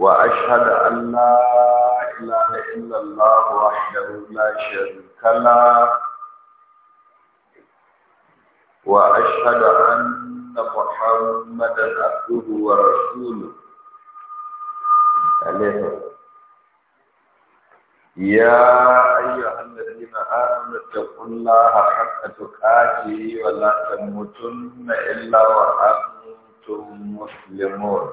وأشهد أن لا إله إلا الله وحده لا شريك له وأشهد أن محمدا عبده ورسوله عليه يا أيها الذين آمنوا اتقوا الله حق تقاته ولا تموتن إلا وأنتم مسلمون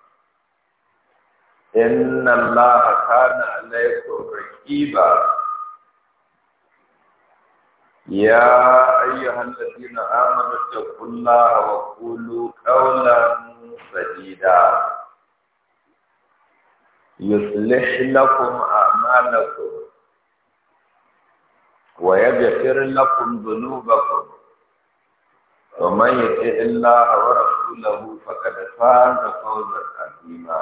inna Allah kana alaikum raqiba ya ayyuhan ladina amanu taqullaha wa qulu qawlan sadida yuslih lakum a'malakum wa yaghfir lakum ومن يطع الله ورسوله فقد فاز فوزا عظيما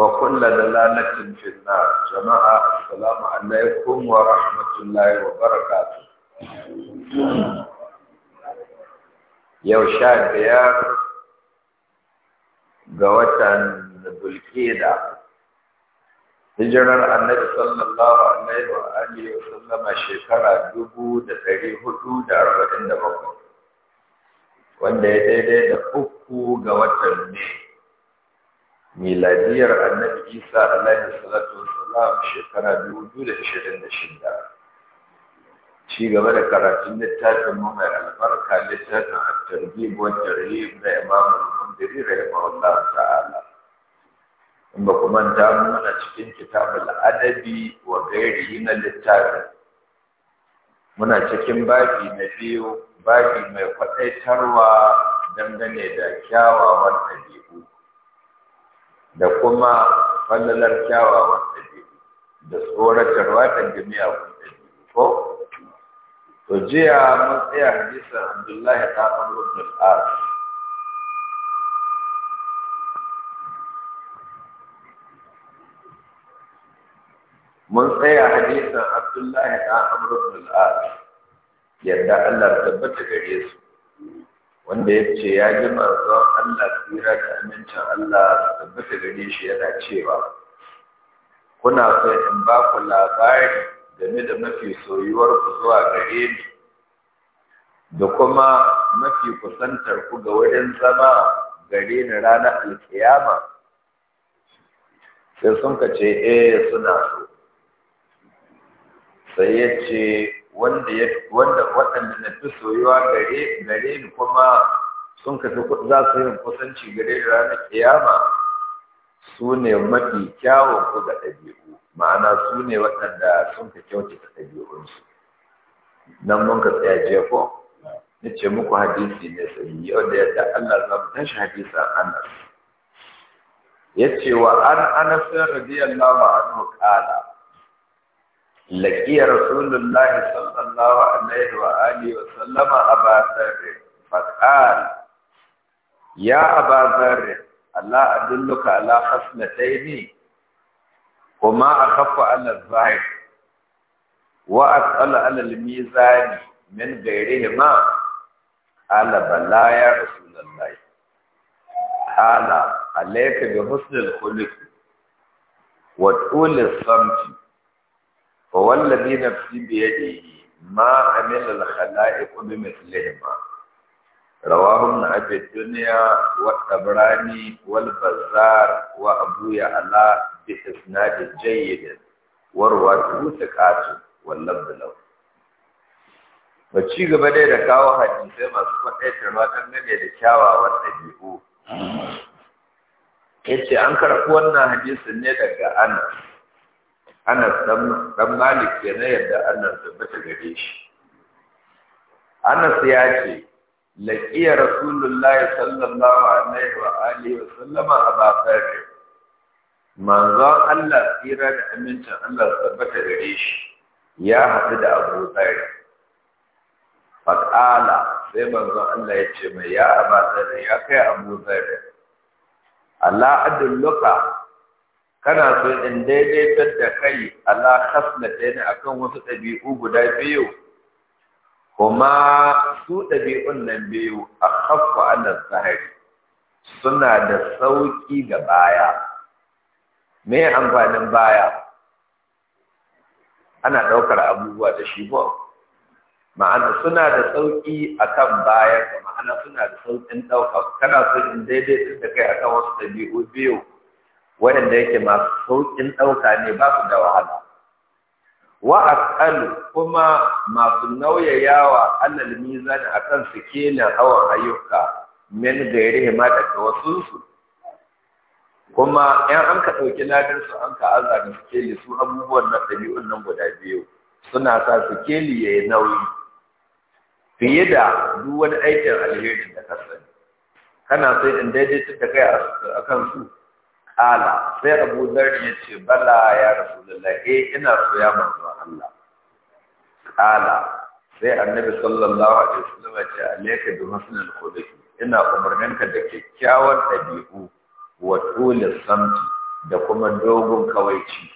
وكل دلالة في النار جماعة السلام عليكم ورحمة الله وبركاته yau sha biyar ga watan bulkida hijirar annabi sallallahu alaihi wa alihi wa shekara dubu da ɗari hudu da arba'in da bakwai wanda ya daidai da uku ga watan mai miladiyar annabi isa alaihi salatu wassalam shekara biyu da shida. ci gaba da karatun littafin mu mai albarka littafin at-targhib tarihi tarhib da imam rahimahullah ta'ala in ba kuma ta muna cikin kitabul adabi wa gairi na littafin muna cikin babi na biyu babi mai kwaɗaitarwa dangane da kyawawan ɗabi'u da kuma fallalar kyawawan ɗabi'u da tsoratarwa da jami'a kun ɗabi'u ko to jiya mun tsaya hadisin abdullahi ta amru bin al mun tsaya hadisan abdullahi ta amru bin al yadda Allah tabbata gare su wanda ya ce ya ji manzon Allah tsira da amincin Allah tabbata gare shi yana cewa kuna so in ba ku labari game da mafi soyuwar ku zuwa gare ni da kuma mafi kusantar ku ga wajen zama gare ni ranar alkiyama sai sun ka ce eh suna so sai ya ce wanda waɗanda na fi soyuwa gare ni kuma sun kafi za su yi kusanci gare ranar kiyama su ne mafi kyawun ku ga ɗabi'u ma'ana su ne waɗanda sun fi kyautata ɗabi'unsu nan mun ka tsaya jefo na ce muku hadisi mai sahihi yau da yadda Allah za mu tashi hadisan Anas ya ce wa an Anas radiyallahu anhu kala? laqiya rasulullahi sallallahu alaihi wa alihi wa sallama aba dharr fa qala ya aba zarri Allah adulluka ala hasnataini kuma akhaffa ala zahir wa as'ala ala al-mizani min ghayrihima ala bala ya rasulullahi ala alayka bi husnil khuluq wa tulis samti wa walladhi nafsi bi yadihi ma amila al-khala'iq bi mithlihima رواه ابن أبي الدنيا والطبراني والبزار وأبو يعلى بإسناد جيد ورواته ثقات واللفظ له ba ci gaba dai da kawo hadisai masu kwaɗaitarwa dangane da kyawawan ɗabi'u ya ce an karɓi wannan hadisin ne daga anas anas ɗan malik ke na yadda anas tabbata gare shi anas ya ce laqiya rasulullahi sallallahu alaihi wa alihi wa sallama abakar manzon Allah tsira da amincin Allah tabbata gare shi ya haɗu da Abu Dhar faqala sai manzon Allah ya ce mai ya abakar ya kai Abu Dhar Allah adulluka kana so in daidaitar da kai ala khasnatayn akan wasu ɗabi'u guda biyu kuma su ɗabi'un nan biyu a kafa ala zahari suna da sauƙi ga baya me amfanin baya ana ɗaukar abubuwa da shi ko ma'ana suna da sauƙi akan baya ma'ana suna da sauƙin ɗaukar kana so in daidai da kai akan wasu ɗabi'u biyu waɗanda yake masu sauƙin ɗauka ne ba su da wahala wa as'alu kuma masu nauyayawa annal mizan akan sikelin awon ayyuka min gairi ma daga wasu su kuma yan an ka ɗauki ladin su an ka aza da sikeli su abubuwan na nan guda biyu suna sa sikeli ya nauyi fiye da duk wani aikin alheri da ka sani kana sai in daidaita da kai akan su Ƙala, sai abu zarri ya ce bala ya rasulullah e ina so ya manzon Allah ala sai annabi sallallahu alaihi wasallam ya ce alayka bi husnil khuluq ina umarninka da kyakkyawan ɗabi'u wa tulis samti da kuma dogon kawaici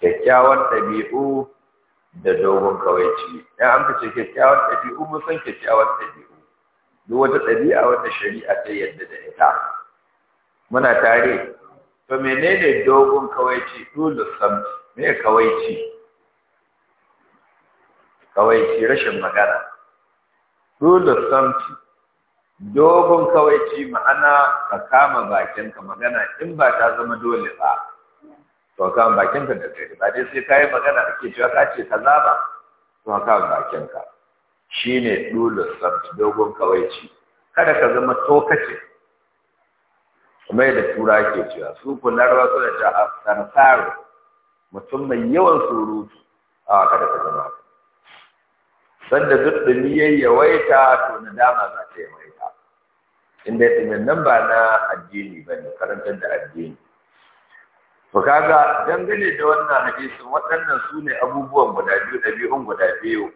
kyakkyawan dabi'u da dogon kawaici dan an fice kyakkyawan ɗabi'u, mun san kyakkyawan dabi'u duk wata ɗabi'a wata shari'a ta yadda da ita muna tare to menene dogon kawaici dole sam me kawaici kawaici rashin magana dole sam dogon kawaici ma'ana ka kama bakinka magana in ba ta zama dole ba to kama bakinka da kai ba dai sai yi magana kake cewa ka ce kaza ba to kama bakinka shine dole sam dogon kawaici kada ka zama tokace kamar yadda tura ke cewa su kullar ruwa da ta sarsaro mutum mai yawan surutu a da ka zama da duk dumi ya yawaita to nadama za ta yawaita inda ya nan ba na addini ba ne karantar da addini to kaga dangane da wannan hadisin waɗannan su ne abubuwan guda biyu ɗabi'un guda biyu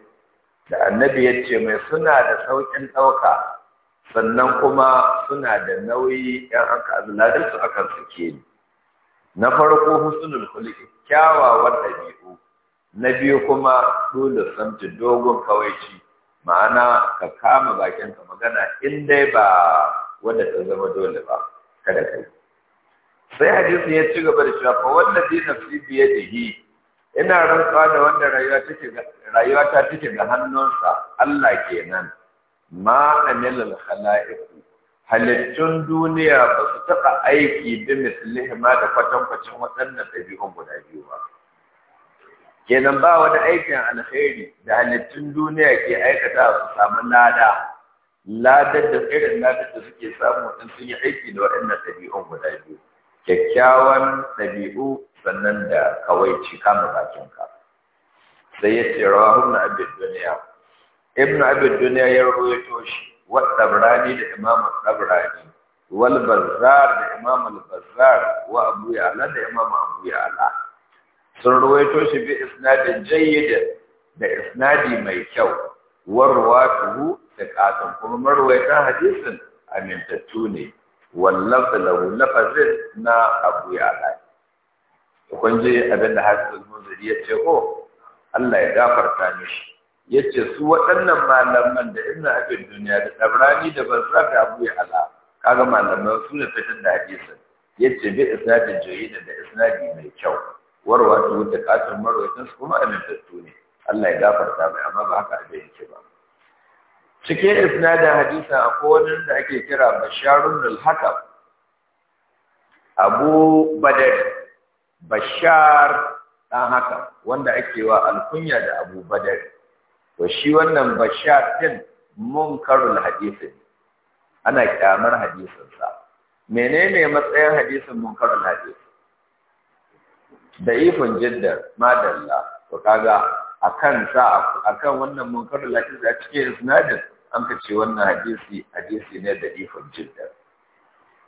da annabi ya ce mai suna da sauƙin ɗauka sannan kuma suna da nauyi yan an ka ladar akan suke ni na farko husnul kyawawan ɗabi'u na biyu kuma dole samti dogon kawaici ma'ana ka kama bakin magana in ba wanda ta zama dole ba kada kai sai hadisin ya ci gaba da cewa fa fi biye da hi, ina rantsuwa da wanda rayuwa ta take ga hannunsa Allah kenan ma amilal halittun duniya ba su taɓa aiki da mislihi ma da kwatankwacin waɗannan ɗabi'un guda biyu ba kenan ba wani aikin alheri da halittun duniya ke aikata su samu lada ladar da irin ladar da suke samu in sun yi aiki da waɗannan ɗabi'un guda biyu kyakkyawan ɗabi'u sannan da kawai cika ma ka. sai ya ce rawahun na abin duniya ibnu abi dunya ya rawaito shi wa tabrani da imam tabrani wal bazzar da imam al bazzar wa abu ya'la da imam abu ya'la sun rawaito shi bi isnadin jayyid da isnadi mai kyau da thiqatan kuma marwayatan hadisin amintattu ne wallafza lahu lafazin na abu ya'la kun ji abinda hasil munziri ya ce ko oh, Allah ya gafarta mishi ya ce su waɗannan malaman da ina abin duniya da tabrani da bazar da abu ya ala kaga malaman su ne fitar da hadisi ya ce bi isnadin jayyida da isnadi mai kyau warwa da wuce katin marwaitin su kuma amintattu ne Allah ya gafarta mai amma ba haka abin yake ba cikin isnadin hadisin akwai wani da ake kira basharun al-hakam abu badari bashar dan haka wanda ake wa alkunya da abu badar to shi wannan bashar din munkarul hadisin ana kyamar hadisin sa menene matsayin hadisin munkarul hadis da ifin madalla to kaga akan sa akan wannan munkarul hadis a cikin isnadin an ka ce wannan hadisi hadisi ne da ifin jiddar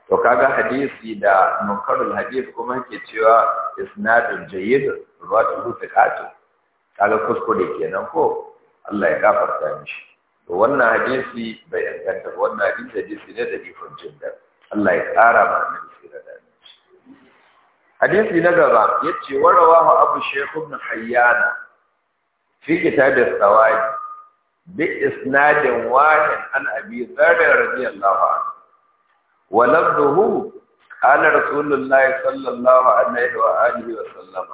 to kaga hadisi da munkarul hadis kuma ke cewa isnadun jayyid ruwatu thiqatu kaga kuskure kenan ko Allah ya gafarta mishi to wannan hadisi bai inganta wannan hadisi hadisi ne da ifin jinda Allah ya ƙara ma annabi sirra da hadisi na gaba yace warawahu abu shaykh ibn hayyana fi kitab as-sawaid bi isnadin wahid an abi dharr radiyallahu anhu wa lafdhuhu قال رسول الله صلى الله عليه وآله وسلم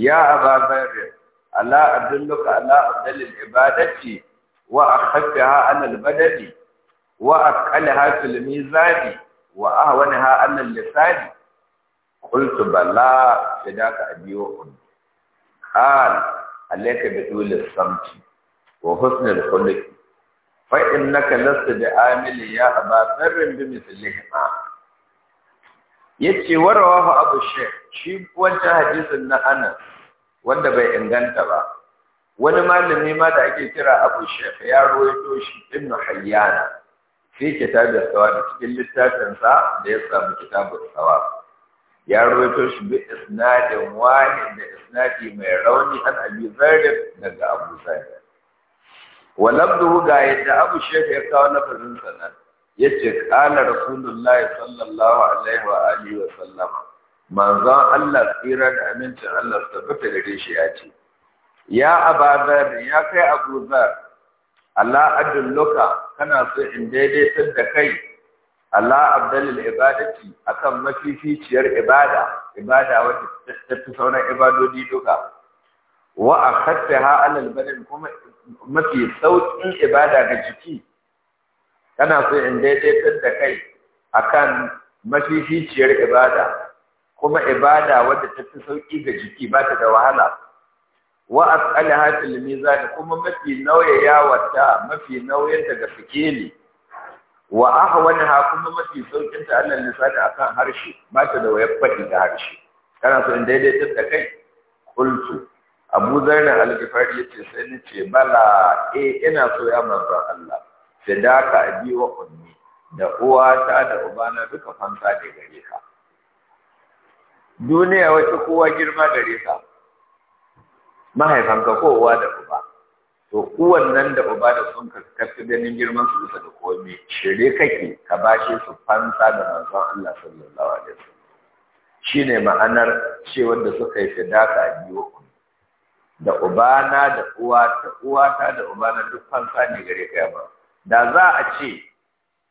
يا أبا ذر ألا أدلك على أفضل العبادة وأخفها على البدن وأقلها في الميزان وأهونها على اللسان قلت بلى فداك أبي وأمي قال عليك بطول الصمت وحسن الخلق فإنك لست بعامل يا أبا ذر بمثلهما yace warawahu abu shaykh shi wancan hadisin na Anas wanda bai inganta ba wani malami ma da ake kira abu shekh ya ruwaito shi ibn hayyana fi kitabin sawa da cikin littafinsa da ya samu kitabin sawa ya ruwaito shi bi isnadin wahid da isnadi mai rauni an abi zarif daga abu zarif wa ga yadda abu shekh ya kawo lafazin sanan yace qala rasulullahi sallallahu alaihi wa alihi wa sallama manzon Allah tsira da amincin Allah su tabbata gare shi ya ce ya abadar ya kai abuzar, Allah Allah loka kana so in daidaitar da kai Allah abdalil ibadati akan mafificiyar ibada ibada wata ta sauran ibadodi duka wa akhadtaha alal badan kuma mafi saukin ibada ga jiki kana so in daidaitar da kai akan mafificiyar ibada kuma ibada wadda ta fi sauki ga jiki ba ta da wahala wa asqalaha fil ne kuma mafi ya wata mafi nauyin daga fikeli wa ha kuma mafi saukin ta Allah a akan harshe ba ta da wayar fadi da harshe kana so in daidai da kai kultu Abu Zaina al-Ghifari yace sai ni ce bala eh ina so ya manzo Allah sadaka abi wa ummi da uwata da ubana duka fansa da gare ka duniya wata kowa girma gare ka mahaifanka ko uwa da uba to uwan nan da uba da sun tafi ganin girman su bisa da komai shirye kake ka bashe su fansa da manzon Allah sallallahu alaihi wasallam shine ma'anar cewar da suka yi sadaka biyo da na da uwa ta ta da na duk fansa ne gare ka ba da za a ce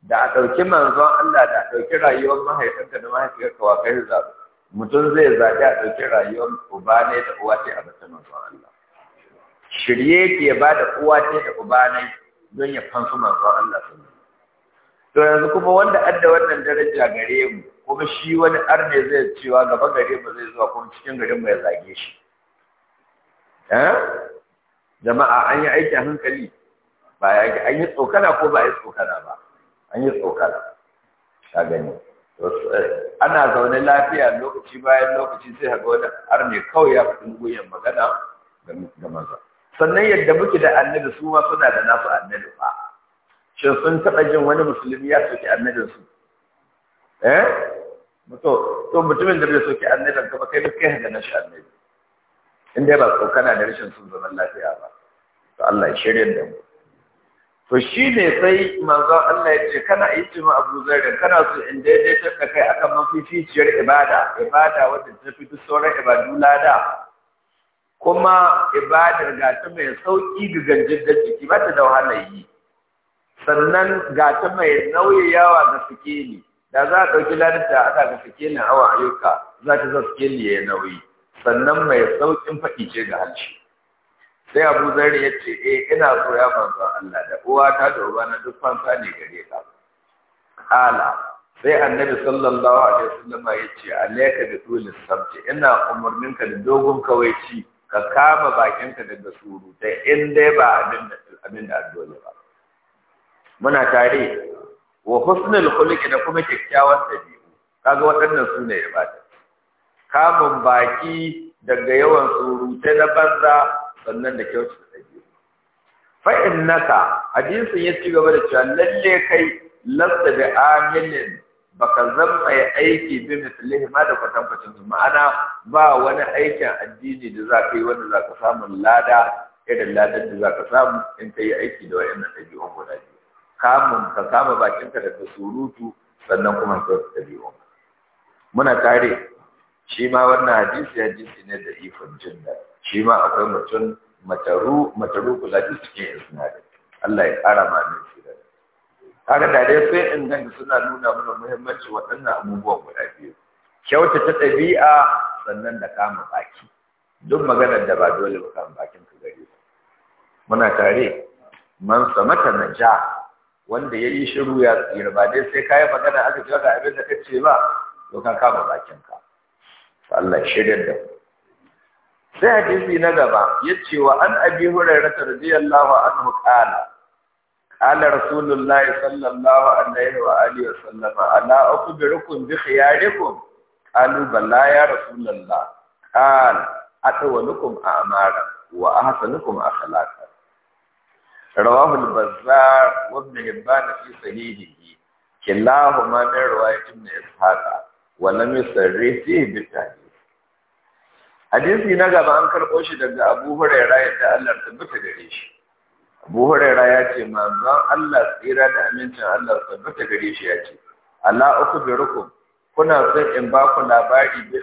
da a ɗauki manzon Allah da a ɗauki rayuwar mahaifinka da mahaifiyarka wa kai zaɓi mutum zai zaɓi a ɗauki rayuwar uba ne da uwa ce a matsayin manzon Allah shirye ke ba da uwa ce da uba ne don ya fansu manzon Allah sun to yanzu kuma wanda adda wannan daraja gare mu kuma shi wani arne zai cewa gaba gare mu zai zuwa kuma cikin garin mu ya zage shi eh? jama'a an yi aiki a hankali ba ya an yi tsokana ko ba a yi tsokana ba an yi tsokana ka gani Eh, ana zaune lafiya lokaci bayan lokaci sai haga wani har ne kawai ya fi dunguyen magana ga maza sannan yadda muke da annabi su ma suna da nasu annabi fa shin sun taɓa jin wani musulmi ya soki annabin su eh to to mutumin da bai soki annabin ka ba kai kai ga nashi annabi in dai ba kana da rashin sun zaman lafiya ba to Allah ya shirya da mu to shi ne sai manzon Allah ya ce kana yi ma abu kana so in ta da kai akan mafificiyar ibada ibada wadda ta fi duk sauran ibadu lada kuma ibadar ga ta mai sauki ga ganjin da jiki ba ta da wahala yi sannan ga ta mai nauyayawa ga sikeli da za a ɗauki ladarta a ga sikelin awa ayyuka za ta zan sikeli ya nauyi sannan mai saukin faɗi ce ga hanci sai abu zari ya ce eh ina so ya manzon Allah da uwata da ubana duk fanta ne gare ka ala sai annabi sallallahu alaihi wasallam ya ce alayka bi tuli sabti ina ka da dogon kawaici ka kama bakinka daga surutai in dai ba abin da abin da dole ba muna tare wa husnul khuluqi da kuma kyakkyawan dabi'u kaga waɗannan su ne ibada kamun baki daga yawan surutai na banza sannan da kyautu da ɗabi'u fa'in naka hadisin ya ci gaba da cewa lalle kai lasta bi amilin baka zama ya aiki bi mislihi ma da kwatankwacin su ma'ana ba wani aikin addini da za ka yi wanda za ka samu lada irin ladar da za ka samu in ka yi aiki da wayannan ɗabi'un guda biyu kamun ka kama bakinka da ka surutu sannan kuma ka ɗabi'un muna tare shi ma wannan hadisi hadisi ne da ifin jin shi ma akwai mutum mataru mataru kula da suke da Allah ya ƙara ma shi da kaga da dai sai in ganga suna nuna mana muhimmanci waɗannan abubuwan guda biyu Kyauta ta ɗabi'a sannan da kama baki duk maganar da ba dole ba kama bakin ka gari ba muna tare man samata na ja wanda ya yi shiru ya tsira ba dai sai ka yi magana aka ce ga abin da ka ce ba to ka kama bakinka Allah shirya da ku sai hadisi na gaba ya ce wa an abi hurairah radiyallahu anhu qala qala rasulullahi sallallahu alaihi wa alihi wasallam ala akhbirukum bi khiyarikum qalu balla ya rasulullah qal atawalukum amara wa ahsanukum akhlaqa rawahu al-bazzar wa ibn hibban fi sahihihi kilahuma min riwayat ibn ishaq wa lam yusarrih bi tahqiq hadisi na gaba an karɓo shi daga abu huraira yadda Allah tabbata gare shi abu hurera ya ce manzon Allah tsira da amincin Allah tabbata gare shi ya ce ala ukhbirukum kuna son in ba ku labari bi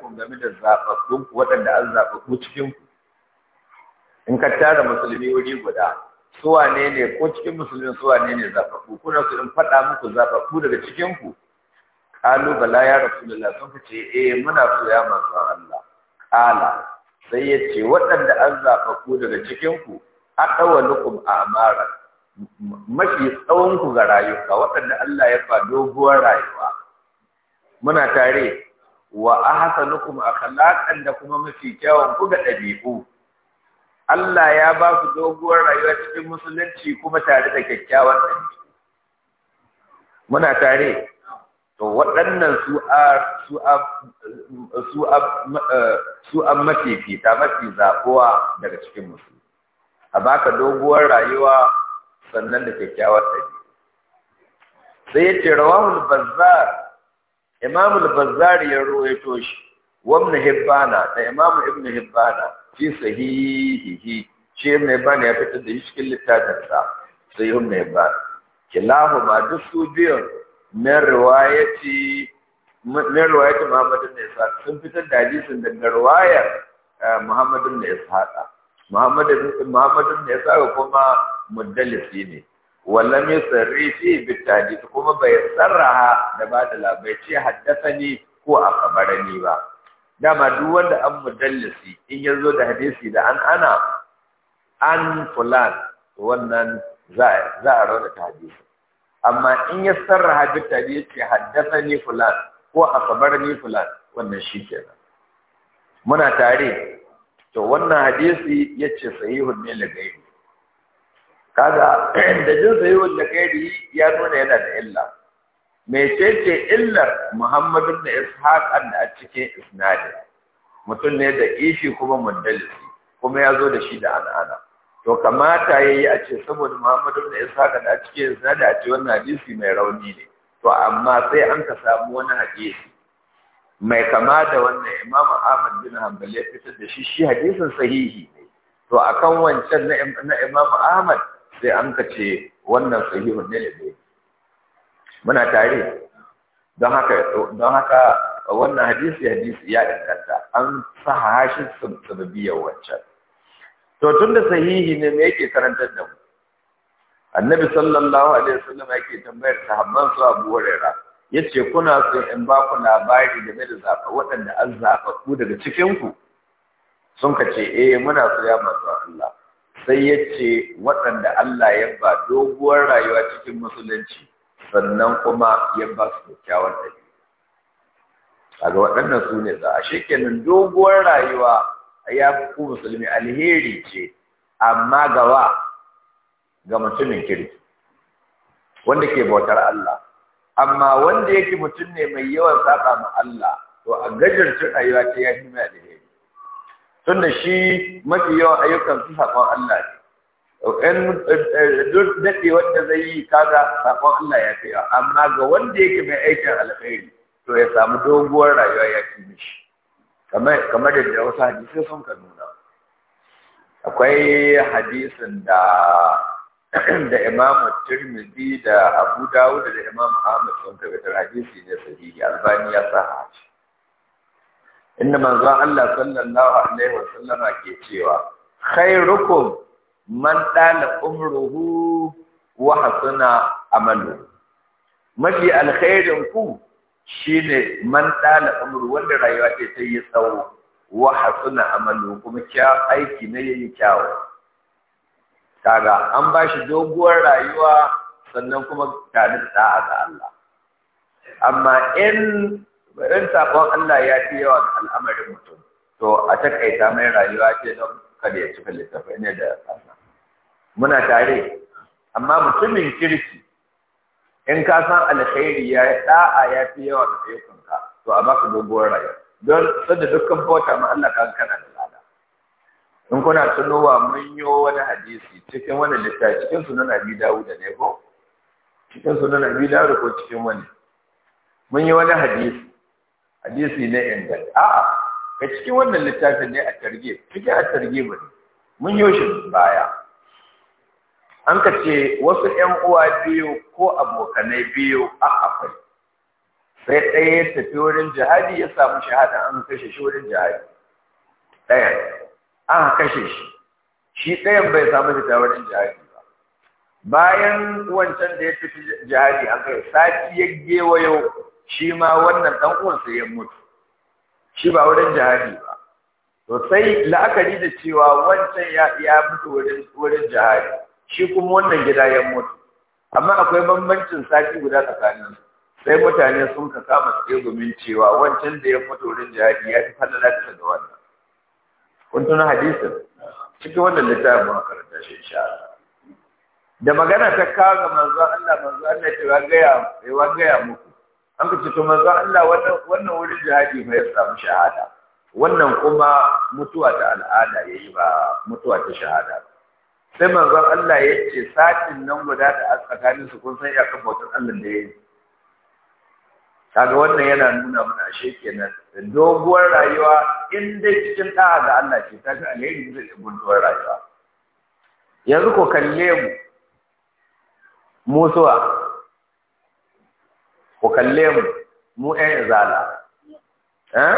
kun game da zababbun ku waɗanda an zaba ku cikin ku in ka tara musulmi wuri guda su wane ne ko cikin musulmi su wane ne zababbu kuna so in faɗa muku zababbu daga cikin ku kalu bala ya rasulullah sun ce eh muna so ya manzon Allah ta'ala sai ya ce waɗanda an zaɓa daga cikinku a a a'mara mafi tsawon ku ga rayuwa waɗanda Allah ya fa doguwar rayuwa muna tare wa a a kalaƙan da kuma mafi kyawun ku ga ɗabi'u Allah ya ba ku doguwar rayuwa cikin musulunci kuma tare da kyakkyawan ɗabi'u muna tare to waɗannan su an eh, mafi fita mafi zaɓuwa daga cikin musu a baka doguwar rayuwa sannan da kyakkyawar ɗabi sai ya ce rawahul bazzar imamul bazzar ya ruwaito shi wamna hibbana da imamu ibnu hibbana fi sahihihi shi ibnu hibbana ya fitar da shi cikin sa sai ibnu hibbana ma duk su biyun min riwayati Muhammadu riwayati Isa sun fitar da hadisin daga riwayar eh, Muhammadu ibn Ishaq Muhammadu ibn Isa ibn kuma muddalisi ne wallam yusarri fi bitadid kuma bai sarraha da ba da labai ce haddasani ko akabarani ba dama duk wanda an muddalisi in yazo da hadisi da an ana an fulan wannan za a raunata hadisi amma in ya sarra sarraha ne tabi haddasa haddathani fulan ko akhbarani fulan wannan shi nan. muna tare to wannan hadisi yace sahihun ne la gairi kaga da jin sahihun la yi ya nuna yana da illa ce, illar Muhammadu na Ishaq da a cikin isnadi mutum ne da ishi kuma mundalisi kuma ya zo da shi da an'ana to kamata ya yi a ce saboda Muhammadu isa Ishaq da a cikin sa da a ce wannan hadisi mai rauni ne to amma sai an ka samu wani hadisi mai kama da wannan Imam Ahmad bin Hanbal ya fitar da shi shi hadisin sahihi ne to akan wancan na Imam Ahmad sai an ka ce wannan sahihu ne ne muna tare don haka don haka wannan hadisi hadisi ya inganta an sahaha shi sababiyar wancan to da sahihi ne me yake karantar da mu annabi sallallahu alaihi wasallam yake tambayar sahabban su Abu Hurairah yace kuna so in ba ku labari game da zaka waɗanda an zaka ku daga cikin ku sun kace eh muna so ya manzo Allah sai yace waɗanda Allah ya ba doguwar rayuwa cikin musulunci sannan kuma ya ba su kyakkyawar dabi'a kaga waɗannan su ne za a shekenan doguwar rayuwa ya ku musulmi alheri ce amma gawa ga mutumin kirki wanda ke bautar Allah amma wanda yake mutum ne mai yawan saba ma Allah to a gajarcin rayuwa ta ya fi mai alheri tunda shi mafi yawan ayyukan su saƙon Allah ne duk daɗe wanda zai yi kaga saƙon Allah ya fi amma ga wanda yake mai aikin alheri to ya samu doguwar rayuwa ya fi mishi kamar da wasu hadisai sun ka nuna akwai hadisin da da imamu turmizi da abu dawud da imamu ahmad sun tabbatar hadisi ne sahihi albani ya sa shi inda manzo Allah sallallahu alaihi wa sallama ke cewa khairukum man dala umruhu wa hasana amalu mafi alkhairin ku shine man dala umru wanda rayuwa ce ta yi tsawo wa hasuna amalu kuma kya aiki na yayi kyawu kaga an ba shi doguwar rayuwa sannan kuma ta da ga Allah amma in in sabon Allah ya fi yawa ga al'amarin mutum to a takaita mai rayuwa ce don kada ya cika littafai ne da Allah muna tare amma mutumin kirki in ka san alkhairi ya yi a ya fi yawa da ka to a baka doguwar rayuwa don da dukkan bauta ma Allah kan kana da lada in kuna tunowa mun yi wani hadisi cikin wani littafi cikin sunan Abi Dawud ne ko cikin sunan Abi Dawud ko cikin wani mun yi wani hadisi hadisi ne inganta a'a ka cikin wannan littafin ne a targe cikin a targe mun yi shi baya an ka ce wasu ‘yan uwa biyu ko abokanai biyu a akwai sai ɗaya ya tafi wurin jihadi ya samu shahada an kashe shi wurin jihadi ɗaya an kashe shi shi ɗayan bai samu fita wurin jihadi ba bayan wancan da ya tafi jihadi an kai sati ya gewayo shi ma wannan ɗan uwansa ya mutu shi ba wurin jihadi ba to sai la'akari da cewa wancan ya mutu wurin jihadi shi kuma wannan gida ya mutu amma akwai bambancin sati guda tsakanin sai mutane sun ka kama tsegumin cewa wancan da ya mutu wurin jihadi ya fi falala ta daga wannan kun tuna hadisin cikin wannan littafin mun karanta shi insha Allah da magana ta kawo ga manzo Allah manzo Allah ce wa gaya wa gaya muku an ka ce to manzo Allah wannan wannan wurin jihadi mai samu shahada wannan kuma mutuwa ta al'ada yayi ba mutuwa ta shahada ba sai manzon Allah ya ce satin nan guda da a tsakanin su kun san iyakar bautar Allah da ya yi kaga wannan yana nuna mana ashe kenan doguwar rayuwa in dai cikin ta ga Allah ce ta ga alheri zai yi gunduwar rayuwa yanzu ko kalle mu mu musuwa ko kalle mu mu ƴan izala eh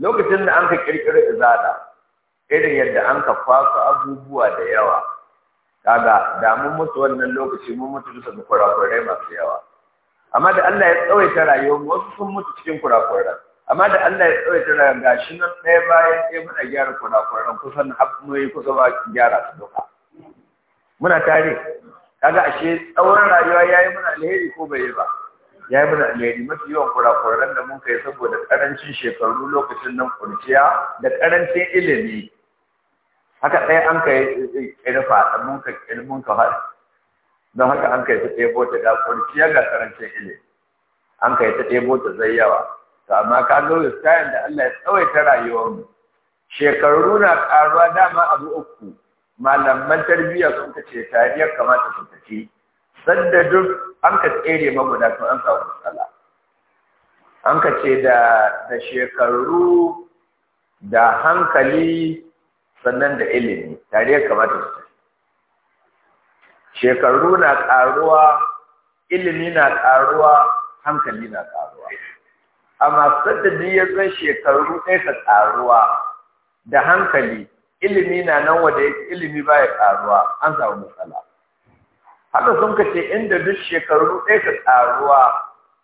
lokacin da an ka kirkiri izala irin yadda an ka kwasa abubuwa da yawa kaga da mun mutu wannan lokaci mun mutu bisa da kurakurai masu yawa amma da Allah ya tsawaita rayuwar wasu sun mutu cikin kurakurai amma da Allah ya tsawaita rayuwar ga shi nan ɗaya bayan ɗaya muna gyara kurakurai kusan hafnoyi kusa ba gyara su duka muna tare kaga ashe tsawon rayuwa yayi muna alheri ko bai yi ba ya yi mana alheri mafi yawan kurakuran da mun kai saboda karancin shekaru lokacin nan kurciya da karancin ilimi haka ɗaya an ka yi ƙirfa eh, eh, a munka ilmin ka har don haka an ka yi ta ɗebo ta da kurciya ga karancin ilimi an ka yi ta ɗebo ta zai yawa to amma ka zo da sayan da Allah ya tsawaita mu shekaru na ƙaruwa dama abu uku malaman tarbiyya sun ka ce tariyar kamata su tafi Sanda duk an ka tsere maguda sun an samu matsala an ka ce da shekaru da hankali sannan da ilimi tare ya kamata su shekaru na ƙaruwa ilimi na ƙaruwa hankali na ƙaruwa amma sadda ya zan shekaru ɗaya ka ƙaruwa da hankali ilimi na nan wanda ilimi ba ya ƙaruwa an samu matsala haka sun ka ce inda duk shekaru ɗaya ka ƙaruwa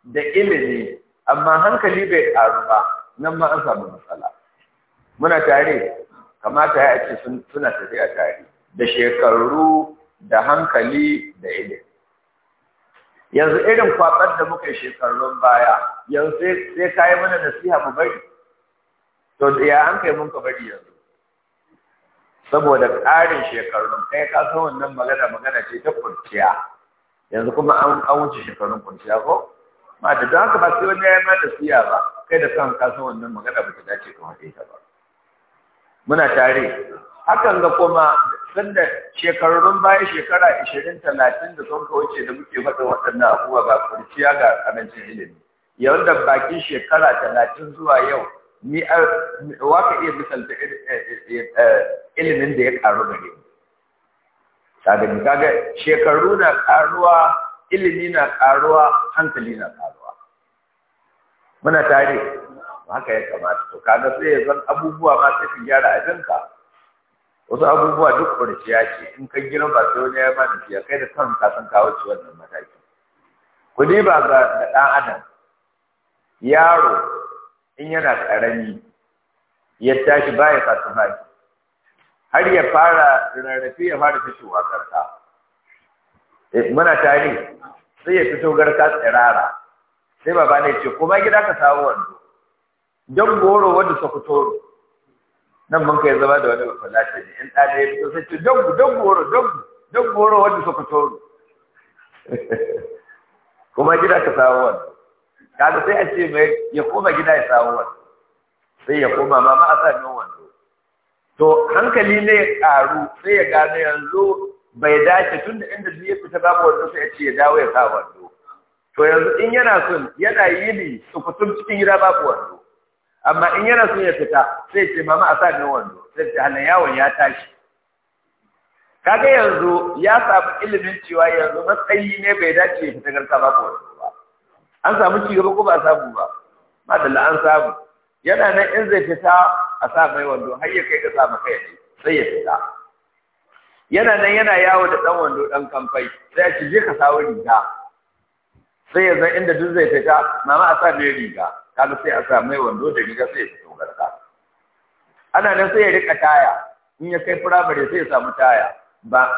da ilimi amma hankali bai ƙaru ba nan ma an samu matsala muna tare kamata ya ce sun suna tafiya tare da shekaru da hankali da ilimi yanzu irin kwabar da muka shekarun baya yanzu sai ka yi mana nasiha mu bari to da ya an kai mun ka bari yanzu saboda ƙarin shekarun kai ka san wannan magana magana ce ta kurciya yanzu kuma an wuce shekarun kurciya ko ma da don haka ba sai wani ya yi mana nasiha ba kai da kan ka san wannan magana ba ta dace kamar ita ba muna tare hakan ga kuma sanda shekarun baya shekara 20 30 da sun wuce da muke faɗin waɗannan abubuwa ba kurciya ga karancin ilimi yau da bakin shekara 30 zuwa yau ni eh, wa ka iya misalta eh, eh, ilimin da ya karu gare mu kaga kaga shekaru na karuwa ilimi na karuwa hankali na karuwa muna tare haka ya kamata to kaga sai ya zan abubuwa ma sai ka gyara abinka wasu abubuwa duk kurciya ce in ka gina ba sai wani ya ba da ya kai da kan ka san kawo ci wannan mataki ku ba ga da ɗan adam yaro in yana karami ya tashi baya kasu baki har ya fara rarrafe ya fara fitowa karka eh, muna tare sai ya fito garka tsirara sai baba ne ce kuma gida ka samu wani don goro wadda suka fito nan mun kai zama da wani bafalata ne in ɗa ya fito sai ce don don goro don don goro wadda suka fito kuma gida ka samu wani kaga sai a ce mai ya koma gida ya samu wani sai ya koma ma ma a sami wando to hankali ne ya karu sai ya gano yanzu bai dace tun da inda zai ya fita babu wando sai ya ce ya dawo ya sa wando to yanzu in yana son yana yini su fitum cikin gida babu wando amma in yana so ya fita sai ce mama a sa ni wando sai ce halin yawon ya tashi kaga yanzu ya samu ilimin cewa yanzu matsayi ne bai dace ya fita garka ba ko ba an samu ci gaba ko ba samu ba madalla an samu yana nan in zai fita a sa mai wando har ya kai ga sa maka yaji sai ya fita yana nan yana yawo da dan wando dan kamfai sai ya ce je ka sawo riga sai ya zan inda duk zai fita mama a sa mai riga kaga sai a sa mai wando da riga sai ya fito ka ana nan sai ya rika taya in ya kai firamare sai ya samu taya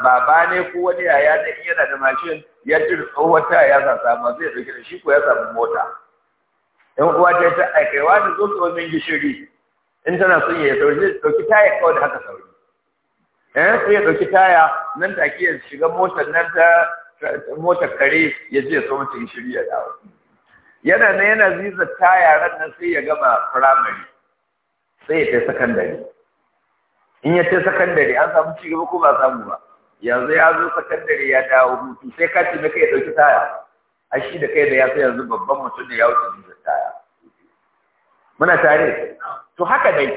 baba ne ko wani yaya da in yana da mashin ya ci tsohuwar taya ya samu zai dauke da shi ko ya samu mota yan uwa ta ta aikaiwa da zo tsohon min gishiri in tana son ya sauri zai dauki taya kawai da haka sauri eh sai ya dauki taya nan take ya shiga motar nan ta motar kare ya je ya so mata gishiri ya dawo yana nan yana zizarta yaran nan sai ya gama firamare sai ya kai sakandare in ya kai sakandare an samu cigaba ko ba samu ba yanzu ya zo sakandare ya dawo hutu sai ka ce kai ya ɗauki taya a shi da kai da ya sai yanzu babban mutum da ya wuce ziza taya muna tare to haka dai